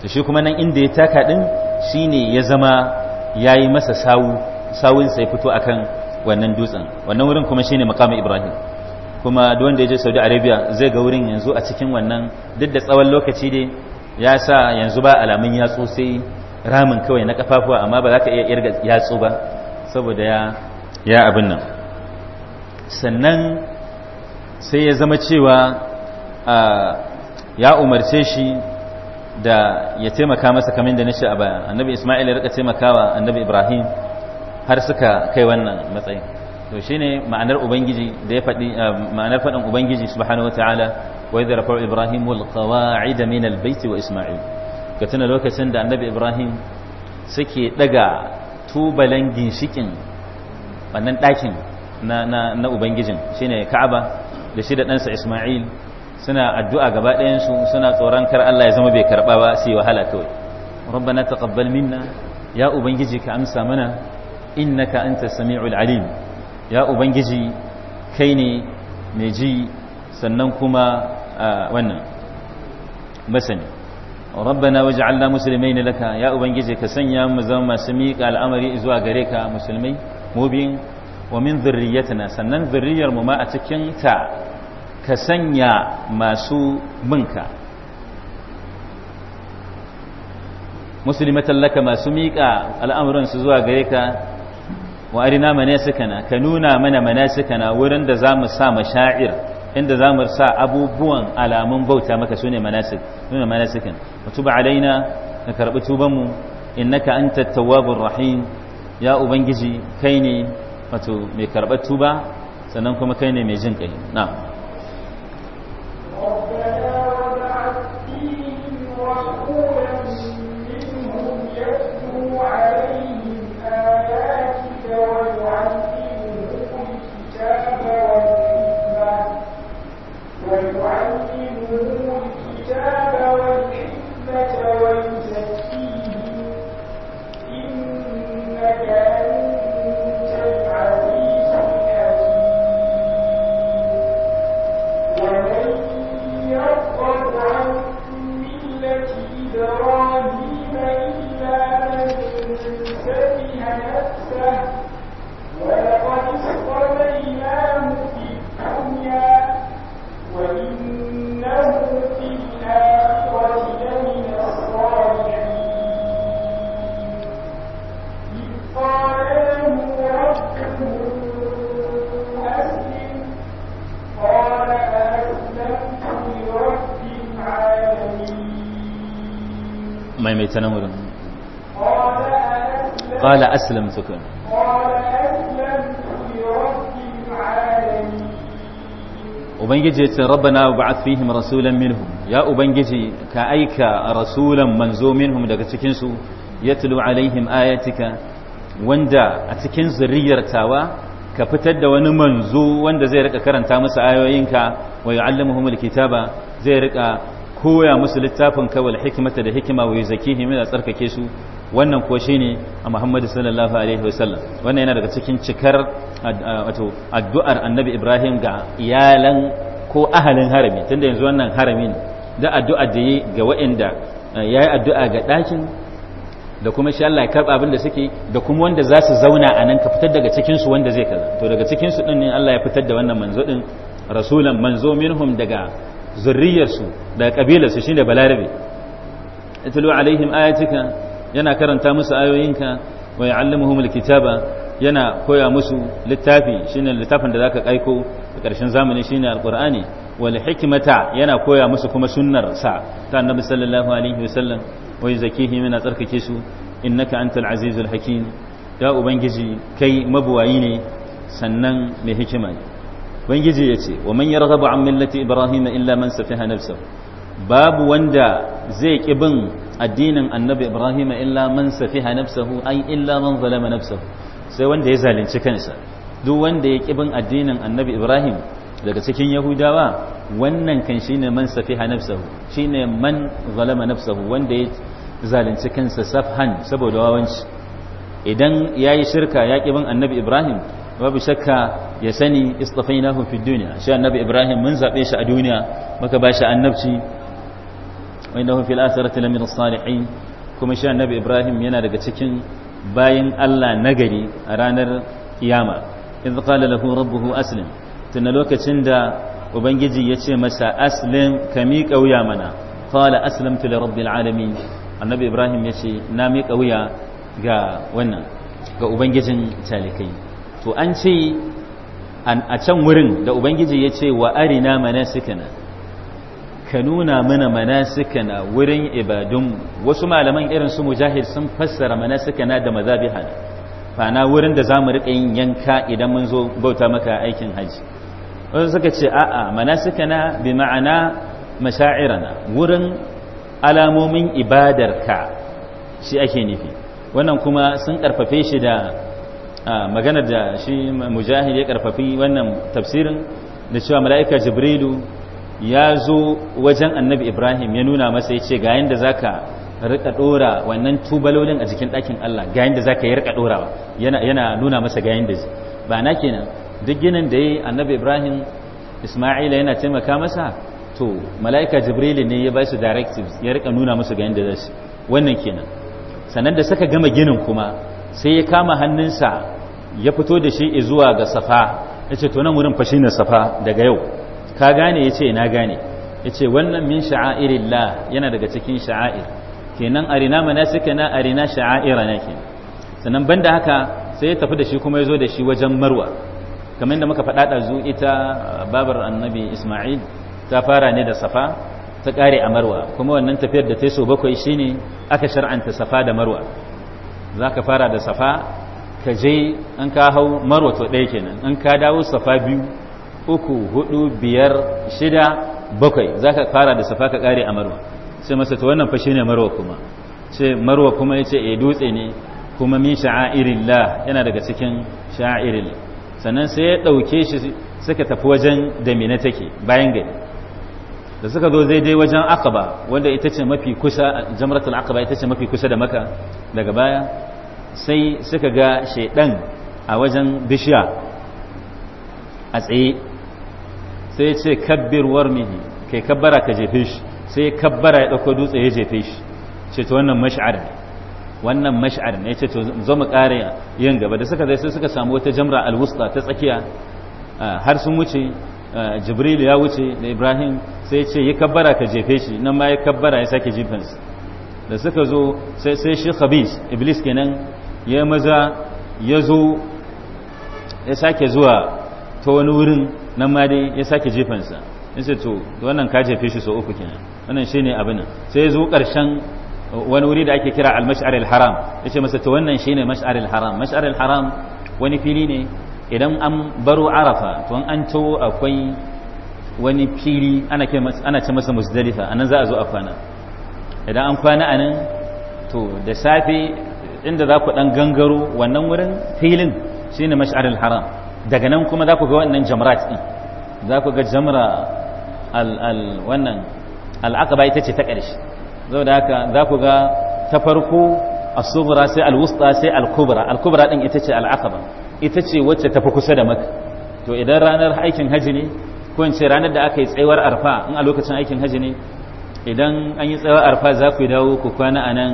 Speaker 1: to shi kuma nan inda ya taka ɗin ne ya zama yayi masa sawu sawun sai fito kan wannan dutsen wannan wurin kuma shine makamin Ibrahim kuma duk wanda ya je Saudi Arabia zai ga wurin yanzu a cikin wannan duk da tsawon lokaci dai ya sa yanzu ba alamun yatsu sai ramin kawai na kafafuwa amma ba za ka iya irga yatsu ba saboda ya ya abin nan sannan sai ya zama cewa ah, ya umarce shi da ya taimaka masa kamar da nishi a baya annabi isma'il ya rika taimakawa annabi ibrahim har suka kai wannan matsayin to shine ma'anar ubangiji da ya faɗi eh, ma'anar faɗin ubangiji subhanahu wataala wa rafa'a ibrahim wal qawa'id min al bayt wa isma'il ka tuna lokacin da annabi ibrahim suke daga tubalan ginshikin wannan ɗakin na na na ubangijin shine ka'aba da shi da ɗansa isma'il suna addu'a gaba ɗayansu suna tsoron kar Allah ya zama bai karɓa ba su yi wahala kawai rabbana taqabbal minna ya ubangiji ka amsa mana innaka anta sami'ul alim ya ubangiji kai ne mai ji sannan kuma wannan masani rabbana waj'alna muslimaina laka ya ubangiji ka sanya mu zama masu miƙa al'amari zuwa gare ka musulmai mubin wa min dhurriyyatina sannan zurriyar mu ma a cikin ta ka sanya masu binka musulmatan tallaka masu miƙa al'amuransu zuwa gare ka wa arina manasikana ka nuna mana manasikana wurin da za mu sa mashair inda za mu sa abubuwan alamun bauta maka su ne nuna manasikan mutuba alaina ka karɓi tubanmu innaka an tattawabin rahim ya ubangiji kai ne wato mai karɓar tuba sannan kuma kai ne mai jin ƙai na aslamtu kun ubangiji ya ce rabbana ba'ath fihim rasulan minhum ya ubangiji ka aika rasulan manzo minhum daga cikinsu ya tulu alaihim ayatika wanda a cikin zuriyar tawa ka fitar da wani manzo wanda zai rika karanta masa ayoyinka wa yu'allimuhumul kitaba zai rika koya musu littafin kawai hikimata hikmata da hikima wa yuzakkihim ya tsarkake su wannan ko shi ne a Muhammadu sallallahu alaihi wasallam wannan yana daga cikin cikar addu'ar Annabi Ibrahim ga iyalan ko ahalin harami tunda yanzu wannan haramin da addu'a da yi ga waɗanda yi addu'a ga ɗakin da kuma shi Allah ya karɓa abin da suke da kuma wanda za su zauna a nan ka fitar daga cikin su wanda zai kaza to daga cikin su din ne Allah ya fitar da wannan manzo din rasulan manzo minhum daga zurriyar su daga kabilar su shine balarabe atlu alaihim ayatika yana karanta musu ayoyinka wa ya'allimuhum alkitaba yana koya musu littafi shine littafin da zaka kaiko a ƙarshen zamani shine alqur'ani wal hikmata yana koya musu kuma sunnar sa ta annabi sallallahu alaihi wasallam wa yuzakkihim yana tsarkake su innaka antal azizul hakim ya ubangiji kai mabuwayi ne sannan mai hikima ne ubangiji ya ce wa man yarghabu an millati ibrahim illa man safiha nafsahu babu wanda zai ki bin addinin annabi ibrahim illa man safiha nafsahu ai illa man zalama nafsahu sai wanda ya zalunci kansa duk wanda ya kibin addinin annabi ibrahim daga cikin yahudawa wannan kan shine man safiha nafsahu shine man zalama nafsahu wanda ya zalunci kansa safhan saboda wawanci idan yayi shirka ya kibin annabi ibrahim babu shakka ya sani istafainahu fi duniya shi annabi ibrahim mun zabe shi a duniya muka bashi annabci wa innahu fil akhirati lamin salihin kuma shi annabi ibrahim yana daga cikin bayin Allah nagari a ranar kiyama idh qala lahu rabbuhu aslim tana lokacin da ubangiji ya ce masa aslim ka miƙa wuya mana qala aslamtu li rabbil alamin annabi ibrahim ya ce na mi wuya ga wannan ga ubangijin talikai to an ce a can wurin da ubangiji ya ce wa arina manasikana ka nuna mana manasikana wurin ibadun wasu malaman irin su mujahid sun fassara manasikana da mazabiha fana wurin da za mu rika yin yanka idan mun zo bauta maka aikin haji wasu suka ce a'a manasikana bi ma'ana masha'irana wurin alamomin ibadarka shi ake nufi wannan kuma sun karfafe shi da maganar da shi mujahid ya karfafi wannan tafsirin da cewa mala'ika jibrilu ya zo wajen annabi ibrahim ya nuna masa ya ce ga yadda za ka rika dora wannan tubalolin a jikin ɗakin allah ga yadda za ka yi rika dorawa yana nuna masa ga yadda zai ba na kenan duk ginin da ya yi annabi ibrahim isma'ila yana taimaka masa to mala'ika jibril ne ya ba su directives ya rika nuna masa ga yadda zai wannan kenan sannan da suka gama ginin kuma sai ya kama hannunsa ya fito da shi zuwa ga safa ya ce to nan wurin fashi ne safa daga yau ka gane ya ce na gane ya ce wannan min sha'airillah yana daga cikin sha'air kenan arina mana suke na arina sha'aira na ke sannan ban da haka sai ya tafi da shi kuma ya zo da shi wajen marwa kamar yadda muka faɗa ɗazu ita uh, babar annabi ismail ta fara ne da safa ta ƙare a marwa kuma wannan tafiyar da ta so bakwai shi ne aka shar'anta safa da marwa za ka fara da safa ka je an ka hau marwa to ɗaya kenan an ka dawo safa biyu uku hudu biyar shida bakwai za ka fara da safa ka kare a marwa sai masa ta wannan fashe ne marwa kuma ce marwa kuma ya ce e dutse ne kuma min la yana daga cikin sha'airil sannan sai ya ɗauke shi suka tafi wajen da mina take bayan gari da suka zo zai dai wajen akaba wanda ita ce mafi kusa jamratul akaba ita ce mafi kusa da maka daga baya sai suka ga shaidan a wajen bishiya a tsaye sai ce kabbir warmihi kai kabbara ka jefe shi sai kabbara ya dauko dutse ya jefe shi ce to wannan mash'ar ne wannan mash'ar ne ce to zo mu kare yin gaba da suka zai sai suka samu wata jamra alwusta ta tsakiya har sun wuce jibril ya wuce da ibrahim sai ce yi kabbara ka jefe shi nan ma ya kabbara ya sake jifansa da suka zo sai shi khabis iblis kenan ya maza ya zo ya sake zuwa ta wani wurin nan ma dai ya sake jefansa in sai to wannan ka jefe shi so uku kenan wannan shine abin sai ya zo karshen uh, wani wuri da ake kira al-mash'ar al-haram yace masa to wannan shine mash'ar al-haram mash'ar al-haram wani fili ne idan an baro arafa to an tawo akwai wani fili ana ce ana ce masa muzdalifa anan za a zo a kwana idan an kwana anan to da safe inda za ku dan gangaro wannan wurin filin shine mash'ar al-haram daga nan kuma za ku ga wannan jamrat ɗin za ku ga jamra wannan al'aqaba ita ce ta ƙarshe zau da haka za ku ga ta farko asubura sai alwusta sai al'kubura al'kubura ɗin ita ce al'aqaba ita ce wacce ta fi kusa da maka to idan ranar aikin haji ne ko in ce ranar da aka yi tsayuwar arfa in a lokacin aikin haji ne idan an yi tsayuwar arfa za ku dawo ku kwana a nan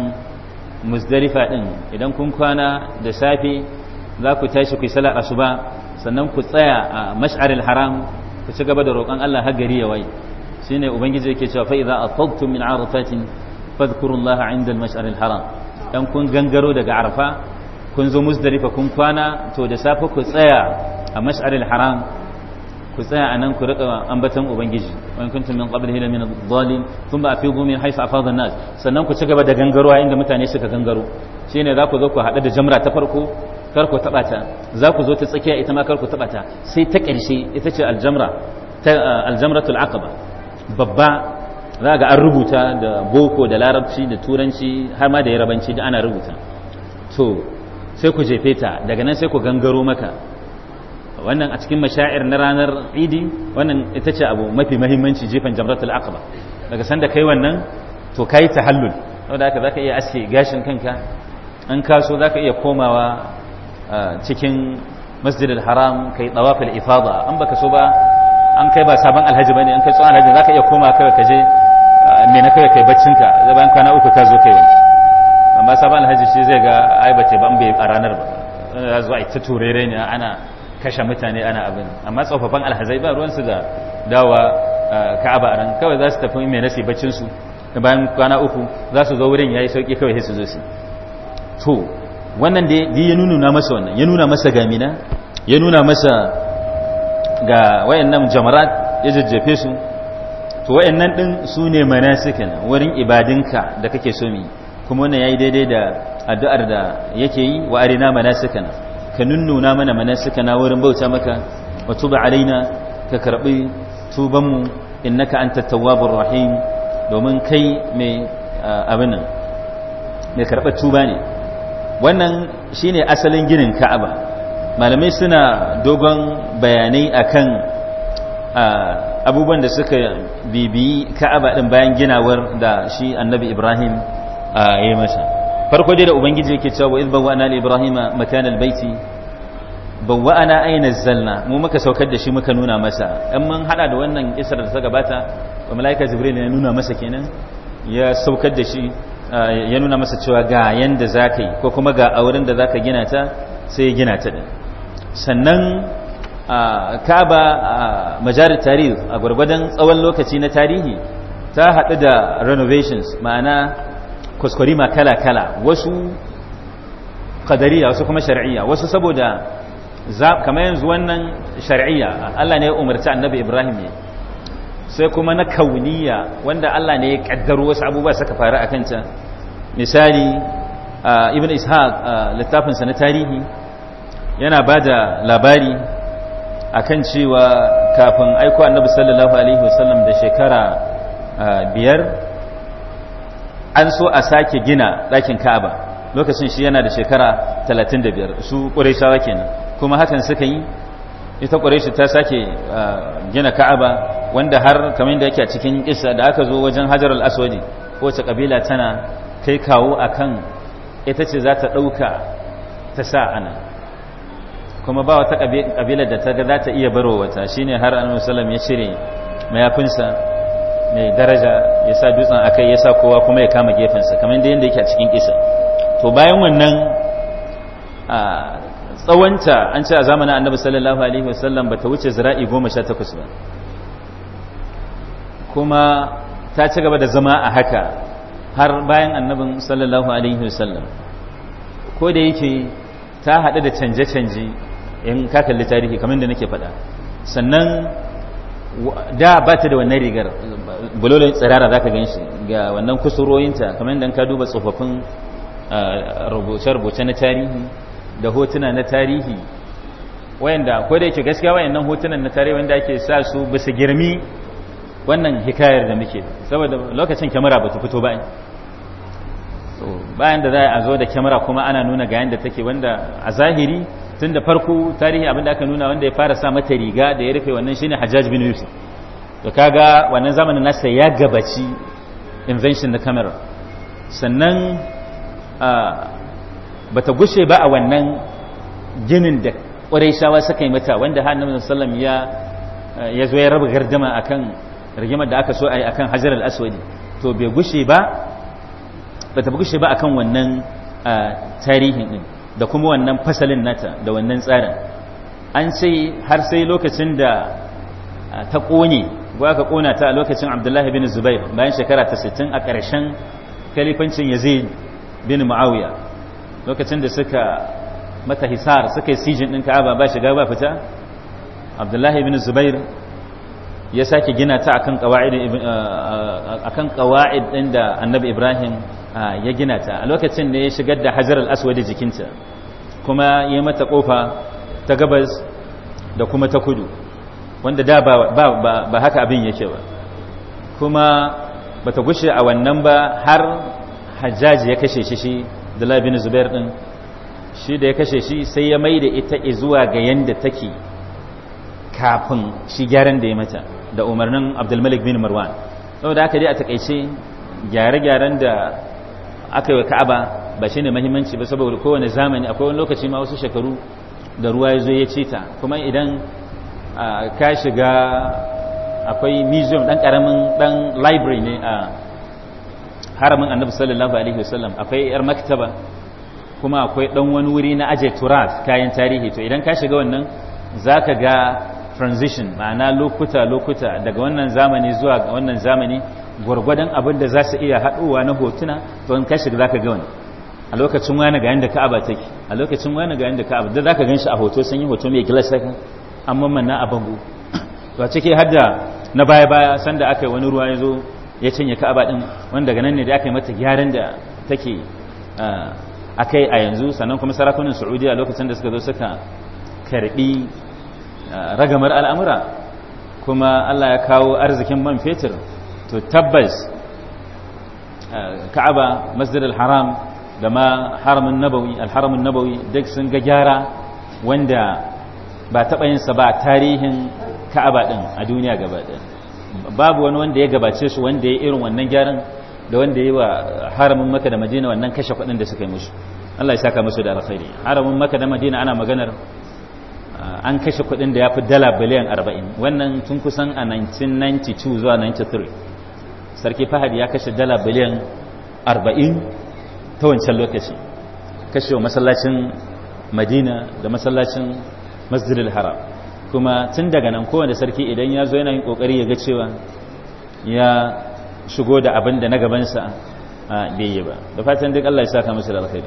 Speaker 1: musdalifa ɗin idan kun kwana da safe za ku tashi ku yi salar asuba sannan ku tsaya a mash'aril haram ku ci gaba da roƙon Allah har gari ya waye shine ubangiji yake cewa fa idza afadtum min arafatin fadhkurullaha 'inda al-mash'aril haram dan kun gangaro daga arafa kun zo musdalifa kun kwana to da safe ku tsaya a mash'aril haram ku tsaya a nan ku riƙa ambatan ubangiji wani kuntum min qabl hila min dhalim thumma afidu min haythu afada an-nas sannan ku ci gaba da gangarowa inda mutane suka gangaro shine za ku zo ku hada da jamra ta farko kar ku taba ta za ku zo ta tsakiya ita ma kar ku taba ta sai ta ƙarshe ita ce aljamra ta eh, aljamratul aqaba babba za ga an rubuta da boko da larabci da turanci har ma da yarabanci da ana rubuta to sai ku jefe ta daga nan sai ku gangaro maka wannan a cikin mashair na ranar idi wannan ita ce abu mafi mahimmanci jefan jamratul aqaba daga sanda kai wannan to kai tahallul saboda haka zaka iya aske gashin kanka an kaso zaka iya komawa cikin masjidil haram kai tawafil ifada an baka so ba an kai ba sabon alhaji bane an kai tsohon alhaji zaka iya koma kai ka je ah, ne na kawai kai baccin ka bayan kwana uku ka zo kai wani amma sabon alhaji shi zai ga ai bace ban bai a ranar ba ya zo ai ta turere ne ana kashe mutane ana abin amma tsofaffin alhazai ba su da dawa ah, ka'aba a ran kawai za su tafi mai nasi baccin su bayan kwana uku za su zo wurin yayi sauki kawai sai su zo su to wannan da ya nuna masa wannan ya nuna masa gamina ya nuna masa ga wayannan jamarat ya jajjefe su to wayannan din su ne manasikin wurin ibadinka da kake so mi kuma wannan yayi daidai da addu'ar da yake yi wa arina ka nunnuna mana manasikana wurin bauta maka wa tuba alaina ka karbi tuban mu innaka antat tawwabur rahim domin kai mai ah, abin mai karɓar tuba ne wannan shine asalin ginin ka'aba malamai suna dogon bayanai akan abubuwan da suka bibiyi ka'aba din bayan ginawar da shi annabi ibrahim ya yi masa farko dai da ubangiji yake cewa idh bawwa'na li ibrahima makan albayti bawwa'na ayna zalna mu muka saukar da shi muka nuna masa in mun hada da wannan kisar da ta gabata wa malaika jibril ya nuna masa kenan ya saukar da shi ya nuna masa cewa ga yanda za ka yi ko kuma ga auren da za ka gina ta sai ya gina ta ɗin sannan kaba a majalar tarihi a gwargwadon tsawon lokaci na tarihi ta haɗu da renovations ma'ana kuskurima kala-kala wasu kadariya wasu kuma shari'iyya wasu saboda kamar yanzu wannan shari'iyya Allah ne ya umarci annabi Ibrahim ne sai kuma na kauniya wanda Allah ne ya kaddaro wasu abubuwa suka faru a kanta misali ibn ishaq littafinsa na tarihi yana ba da labari a kan cewa kafin aiko annabi sallallahu alaihi wasallam da shekara biyar an so a sake gina ɗakin ka'aba lokacin shi yana da shekara 35 su ƙurashawa kenan kuma hakan suka yi ita quraish ta sake ah, gina ka'aba wanda har kamar da yake a cikin isa da aka zo wajen hajar al'asodi ko kowace kabila tana kai kawo akan ita ce za ta ɗauka ta sa ana kuma ba wata kabila da ta ga za ta iya baro wata shine har annabi ya cire mayafinsa mai daraja ya sa dutsen akai ya sa kowa kuma ya kama gefensa kamar da yadda yake a cikin isa to bayan wannan tsawonta an ce a zamanin annabi sallallahu alaihi wasallam bata wuce zira'i goma sha takwas ba kuma ta ci gaba da zama a haka har bayan annabin sallallahu alaihi wasallam ko da yake ta haɗu da canje-canje in ka kalli tarihi kamar da nake faɗa sannan da ba ta da wannan rigar bulolin tsirara za ka gan shi ga wannan kusuroyinta kamar da ka duba tsofaffin rubuce-rubuce na tarihi da hotuna na tarihi wayanda ko da yake gaskiya wayannan hotunan na tarihi wanda ake sa su bisa girmi wannan hikayar da muke saboda lokacin kyamara ba ta fito ba bayan da za a zo da kyamara kuma ana nuna ga yadda take wanda a zahiri tun da farko tarihi abinda aka nuna wanda ya fara sa mata riga da ya rufe wannan shine hajjaj bin yusuf to kaga wannan zamanin nasa ya gabaci invention na camera sannan ah, Ba ta gushe ba a wannan ginin da ƙurayshawa suka yi mata wanda har musallam sallam eh, ya zo ya raba gardama akan rigimar da aka so a yi akan hajar al-aswadi to bai gushe ba Ba ta gushe ba a kan wannan eh, tarihin din da kuma wannan fasalin nata da wannan tsarin an ce har sai lokacin da eh, ta ƙone ko aka ƙona ta a lokacin abdullahi bin zubair bayan shekara ta sittin a ƙarshen kalifancin yazid bin muawiya lokacin da suka mata hisar suka yi sijin ɗin ka'aba ba shiga ba fita abdullahi bin zubair ya sake gina ta akan kawa'id eh, eh, ɗin da annabi ibrahim eh, ya gina ta a lokacin da ya shigar da hajar al'aswa da jikinta kuma ya mata kofa ta gabas da kuma ta kudu wanda da ba haka abin yake ba kuma ba ta gushe a wannan ba har hajjaji ya kashe shi abdullahi bin zubair din shi da ya kashe shi sai ya maida da ita zuwa ga yanda take kafin shi gyaran da ya mata da umarnin abdulmalik bin marwan saboda aka dai a takaice gyare-gyaren da aka yi ka'aba ba shine muhimmanci ba saboda kowane zamani akwai wani lokaci ma wasu shekaru da ruwa ya zo ya ce ta kuma idan ka shiga akwai museum dan karamin dan library ne a haramin annabi sallallahu alaihi wasallam akwai yar maktaba kuma akwai dan wani wuri na aje turas kayan tarihi to idan ka shiga wannan zaka ga transition ma'ana lokuta lokuta daga wannan zamani zuwa wannan zamani gurgurdan abin da za su iya haduwa na hotuna to in ka shiga zaka ga wani a lokacin wani ga yanda ka'aba take a lokacin wani ga yanda ka'aba da zaka ganshi a hoto sun yi hoto mai glass haka amma manna a bango to a cike hadda na baya baya sanda aka yi wani ruwa ya zo ya cinye ka'aba din wanda daga nan ne da aka yi mata gyaran da take a kai a yanzu sannan kuma sarakunan a lokacin da suka zo suka karbi ragamar al'amura kuma allah ya kawo arzikin man fetur to tabbas ka'aba masjid al-haram da ma haramun nabawi al haramun nabawi duk sun ga gyara wanda ba taɓa yinsa ba tarihin ka'aba ɗin a duniya gaba ɗaya babu wani wanda ya gabace su wanda ya irin wannan gyaran da wanda ya yi wa haramin maka da madina wannan kashe kudin da suka yi musu Allah ya saka musu da alkhairi haramin maka da madina ana maganar ah, an kashe kudin da ya fi dala biliyan 40 wannan tun kusan a 1992 zuwa 93 sarki fahad ya kashe dala biliyan 40 ta wancan lokaci kashe masallacin madina da masallacin masjidil haram kuma tun daga nan kowane sarki idan ya zo yana yin kokari ya ga cewa ya shigo da abin da na gabansa a yi ba da fatan duk Allah ya saka musu da alkhairi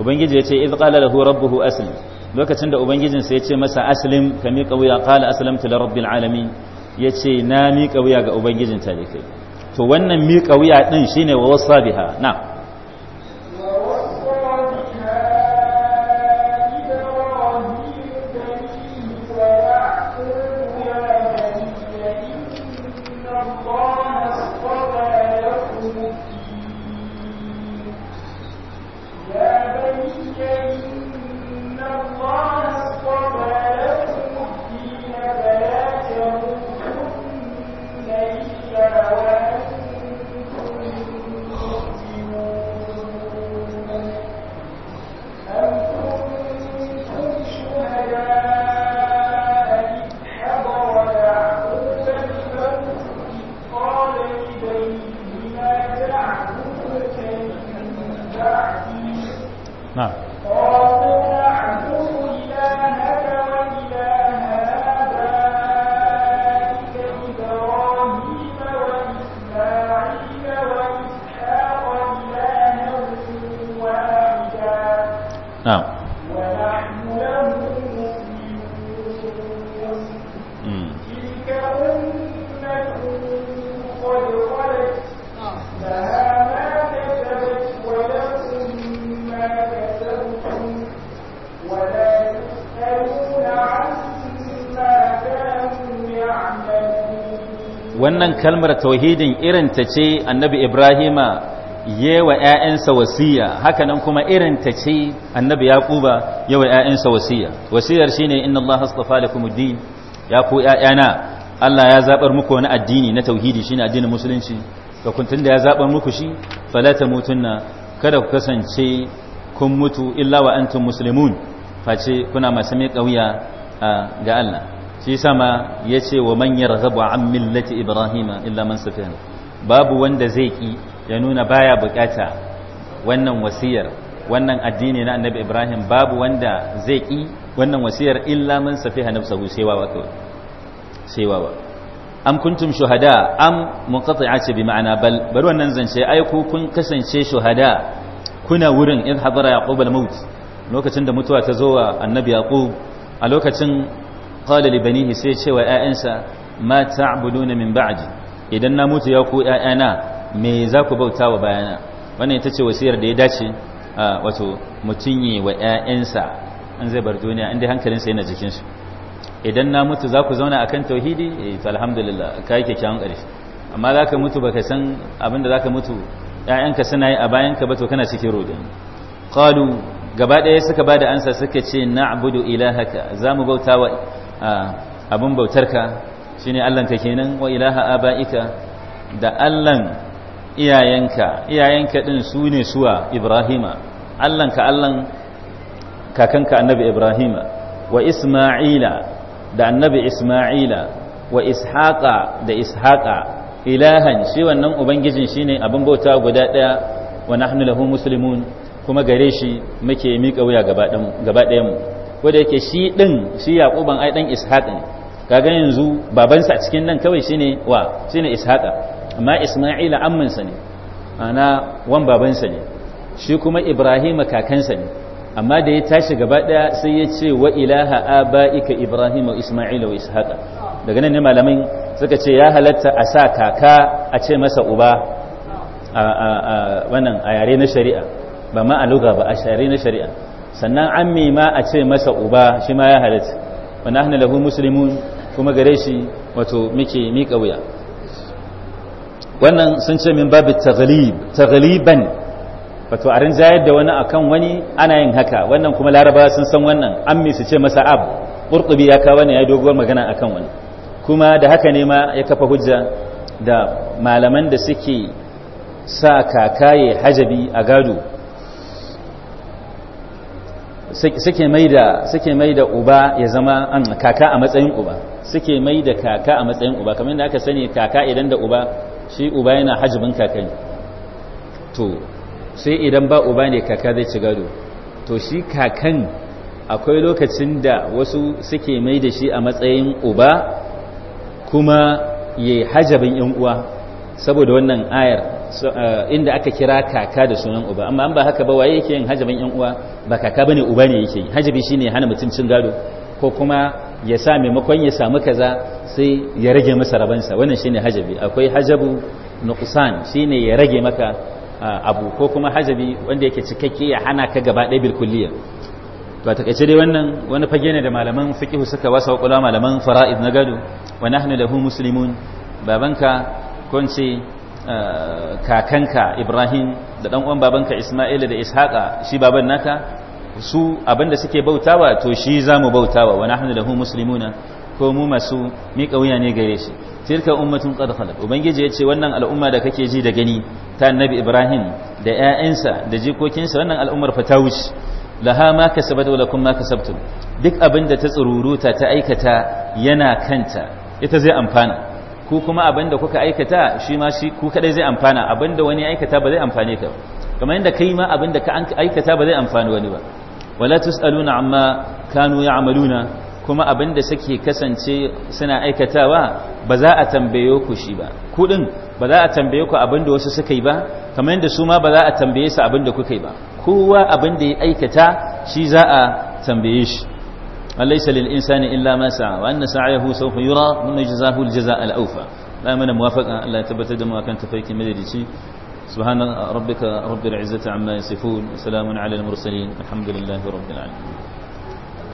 Speaker 1: ubangiji ya ce idh qala lahu rabbuhu aslim lokacin da ubangijinsa ya ce masa aslim ka miƙa wuya qala aslamtu lirabbil alamin ya ce na miƙa wuya ga ubangijin kai to wannan miƙa wuya din shine wa wasa biha na wannan kalmar tauhidin irinta ce annabi ibrahima yewa 'ya'yansa wasiya hakanan kuma irinta ce annabi yaquba yewa 'ya'yansa wasiya wasiyar shine inna allaha astafa din ya ku 'ya'yana Allah ya zaɓar muku wani addini na tauhidi shine addinin musulunci ga kun da ya zabar muku shi falata mutunna kada ku kasance kun mutu illa wa antum muslimun face kuna masu mai ƙauya ah, ga Allah shi sama ya ce wa man yarghabu an millati ibrahima illa man safiha babu wanda zai ki ya nuna baya bukata wannan wasiyar wannan addini na annabi ibrahim babu wanda zai ki wannan wasiyar illa man hannu nafsahu sai wawa kawai sai wawa am kuntum shuhada am munqati'a ce bi ma'ana bal bar wannan zance ai ku kun kasance shuhada kuna wurin in hadara yaqub al-maut lokacin da mutuwa ta zo wa annabi yaqub a lokacin qala li banihi sai ce wa ƴaƴansa ma ta'buduna min ba'di idan na mutu ya ku ƴaƴana me za ku bauta wa bayana wannan ita ce wasiyar da ya dace wato mutum yi wa ƴaƴansa an zai bar duniya inda sa yana jikin su idan na mutu za ku zauna akan tauhidi eh to alhamdulillah kai kyakkyawan ƙarshe amma za ka mutu baka san abin da za ka mutu ‘ya'yanka suna yi a bayanka ba to kana cikin rodin ƙalu gaba ɗaya suka ba da ansa suka ce na abudu ilahaka za mu bauta wa abin bautarka shi shine Allahnka kenan wa ilaha aba'ika da allan iyayenka iyayenka din su ne suwa Ibrahima ka allan kakanka annabi Ibrahima wa Isma'ila da annabi Isma'ila wa Ishaqa da Ishaqa ilahan shi wannan ubangijin shi ne abin bauta guda ɗaya wa nahnu lahu muslimun kuma gare shi muke miƙa wuya gaba ɗayanmu ko da yake shi din shi yaquban ai dan ishaq ne kaga yanzu babansa a cikin nan kawai shine wa shine ishaqa amma isma'ila sa ne ana wan babansa ne shi kuma ibrahim kakansa ne amma da ya tashi gaba daya sai ya ce wa ilaha abaika ibrahim wa isma'il wa ishaqa daga nan ne malamin suka ce ya halatta a sa kaka a ce masa uba a wannan a yare na shari'a ba ma a luga ba a yare na shari'a sannan ammi ma a ce masa uba shi ma ya halitta wani nahnu lahu musulmin kuma gare shi wato muke mika wuya wannan sun ce min babu tagaliban. wato a rinjayar da wani akan wani ana yin haka wannan kuma laraba sun san wannan ammi su ce masa ab ƙurƙubi ya kawo ne ya doguwar magana akan wani kuma da haka ne ma ya kafa hujja da malaman da suke sa kakaye hajabi a gado suke mai da suke mai uba ya zama an kaka a matsayin uba suke mai da kaka a matsayin uba kamar yadda aka sani kaka idan da uba shi uba yana hajibin kaka ne to sai idan ba uba ne kaka zai ci gado to shi kakan akwai lokacin da wasu suke mai da shi a matsayin uba kuma yayi hajabin yan uwa saboda wannan ayar Uh, inda aka kira kaka da sunan uba amma an ba haka ba waye yake yin hajabin yan uwa ba kaka bane uba ne yake yi hajabi shine hana mutum cin gado ko kuma ya sa maimakon ya samu kaza sai ya rage masa rabansa wannan shine hajabi akwai hajabu nuqsan shine ya rage maka uh, abu ko kuma hajabi wanda yake cikakke ya hana ka gaba ɗaya bil kulliyya to takaice dai wannan wani fage ne da malaman fiqh suka wasa kula malaman fara'id na gado wa nahnu lahu muslimun babanka kunci. Eh, kakanka ibrahim da dan uwan babanka isma'ila da ishaqa shi baban naka su abinda suke bautawa to shi zamu bautawa wa nahnu lahu muslimuna ko mu masu miƙa wuya ne gare shi tilka ummatun qad khalat ubangiji yace wannan al'umma da kake ji da gani ta annabi ibrahim da ƴaƴansa da jikokinsa wannan al'ummar fa ta wuce laha ma kasabat wa lakum ma kasabtum duk abinda ta tsururuta ta aikata yana kanta ita zai amfana ku kuma abinda kuka aikata shi ma shi ku kadai zai amfana abinda wani aikata ba zai amfane ka kamar yadda kai ma abinda ka aikata ba zai amfani wani ba wala tusaluna amma kanu ya'maluna kuma abinda suke kasance suna aikatawa ba za a tambaye ku shi ba ku din ba za a tambaye ku abinda wasu suka yi ba kamar yadda su ma ba za a tambaye su abinda kuka yi ba kowa abinda ya aikata shi za a tambaye shi قال ليس للإنسان إلا ما سعى وأن سعيه سوف يرى ثم يجزاه الجزاء الأوفى لا من موافق لا تبت دم وكان تفيك مدرسي سبحان ربك رب العزة عما يصفون وسلام على المرسلين الحمد لله رب العالمين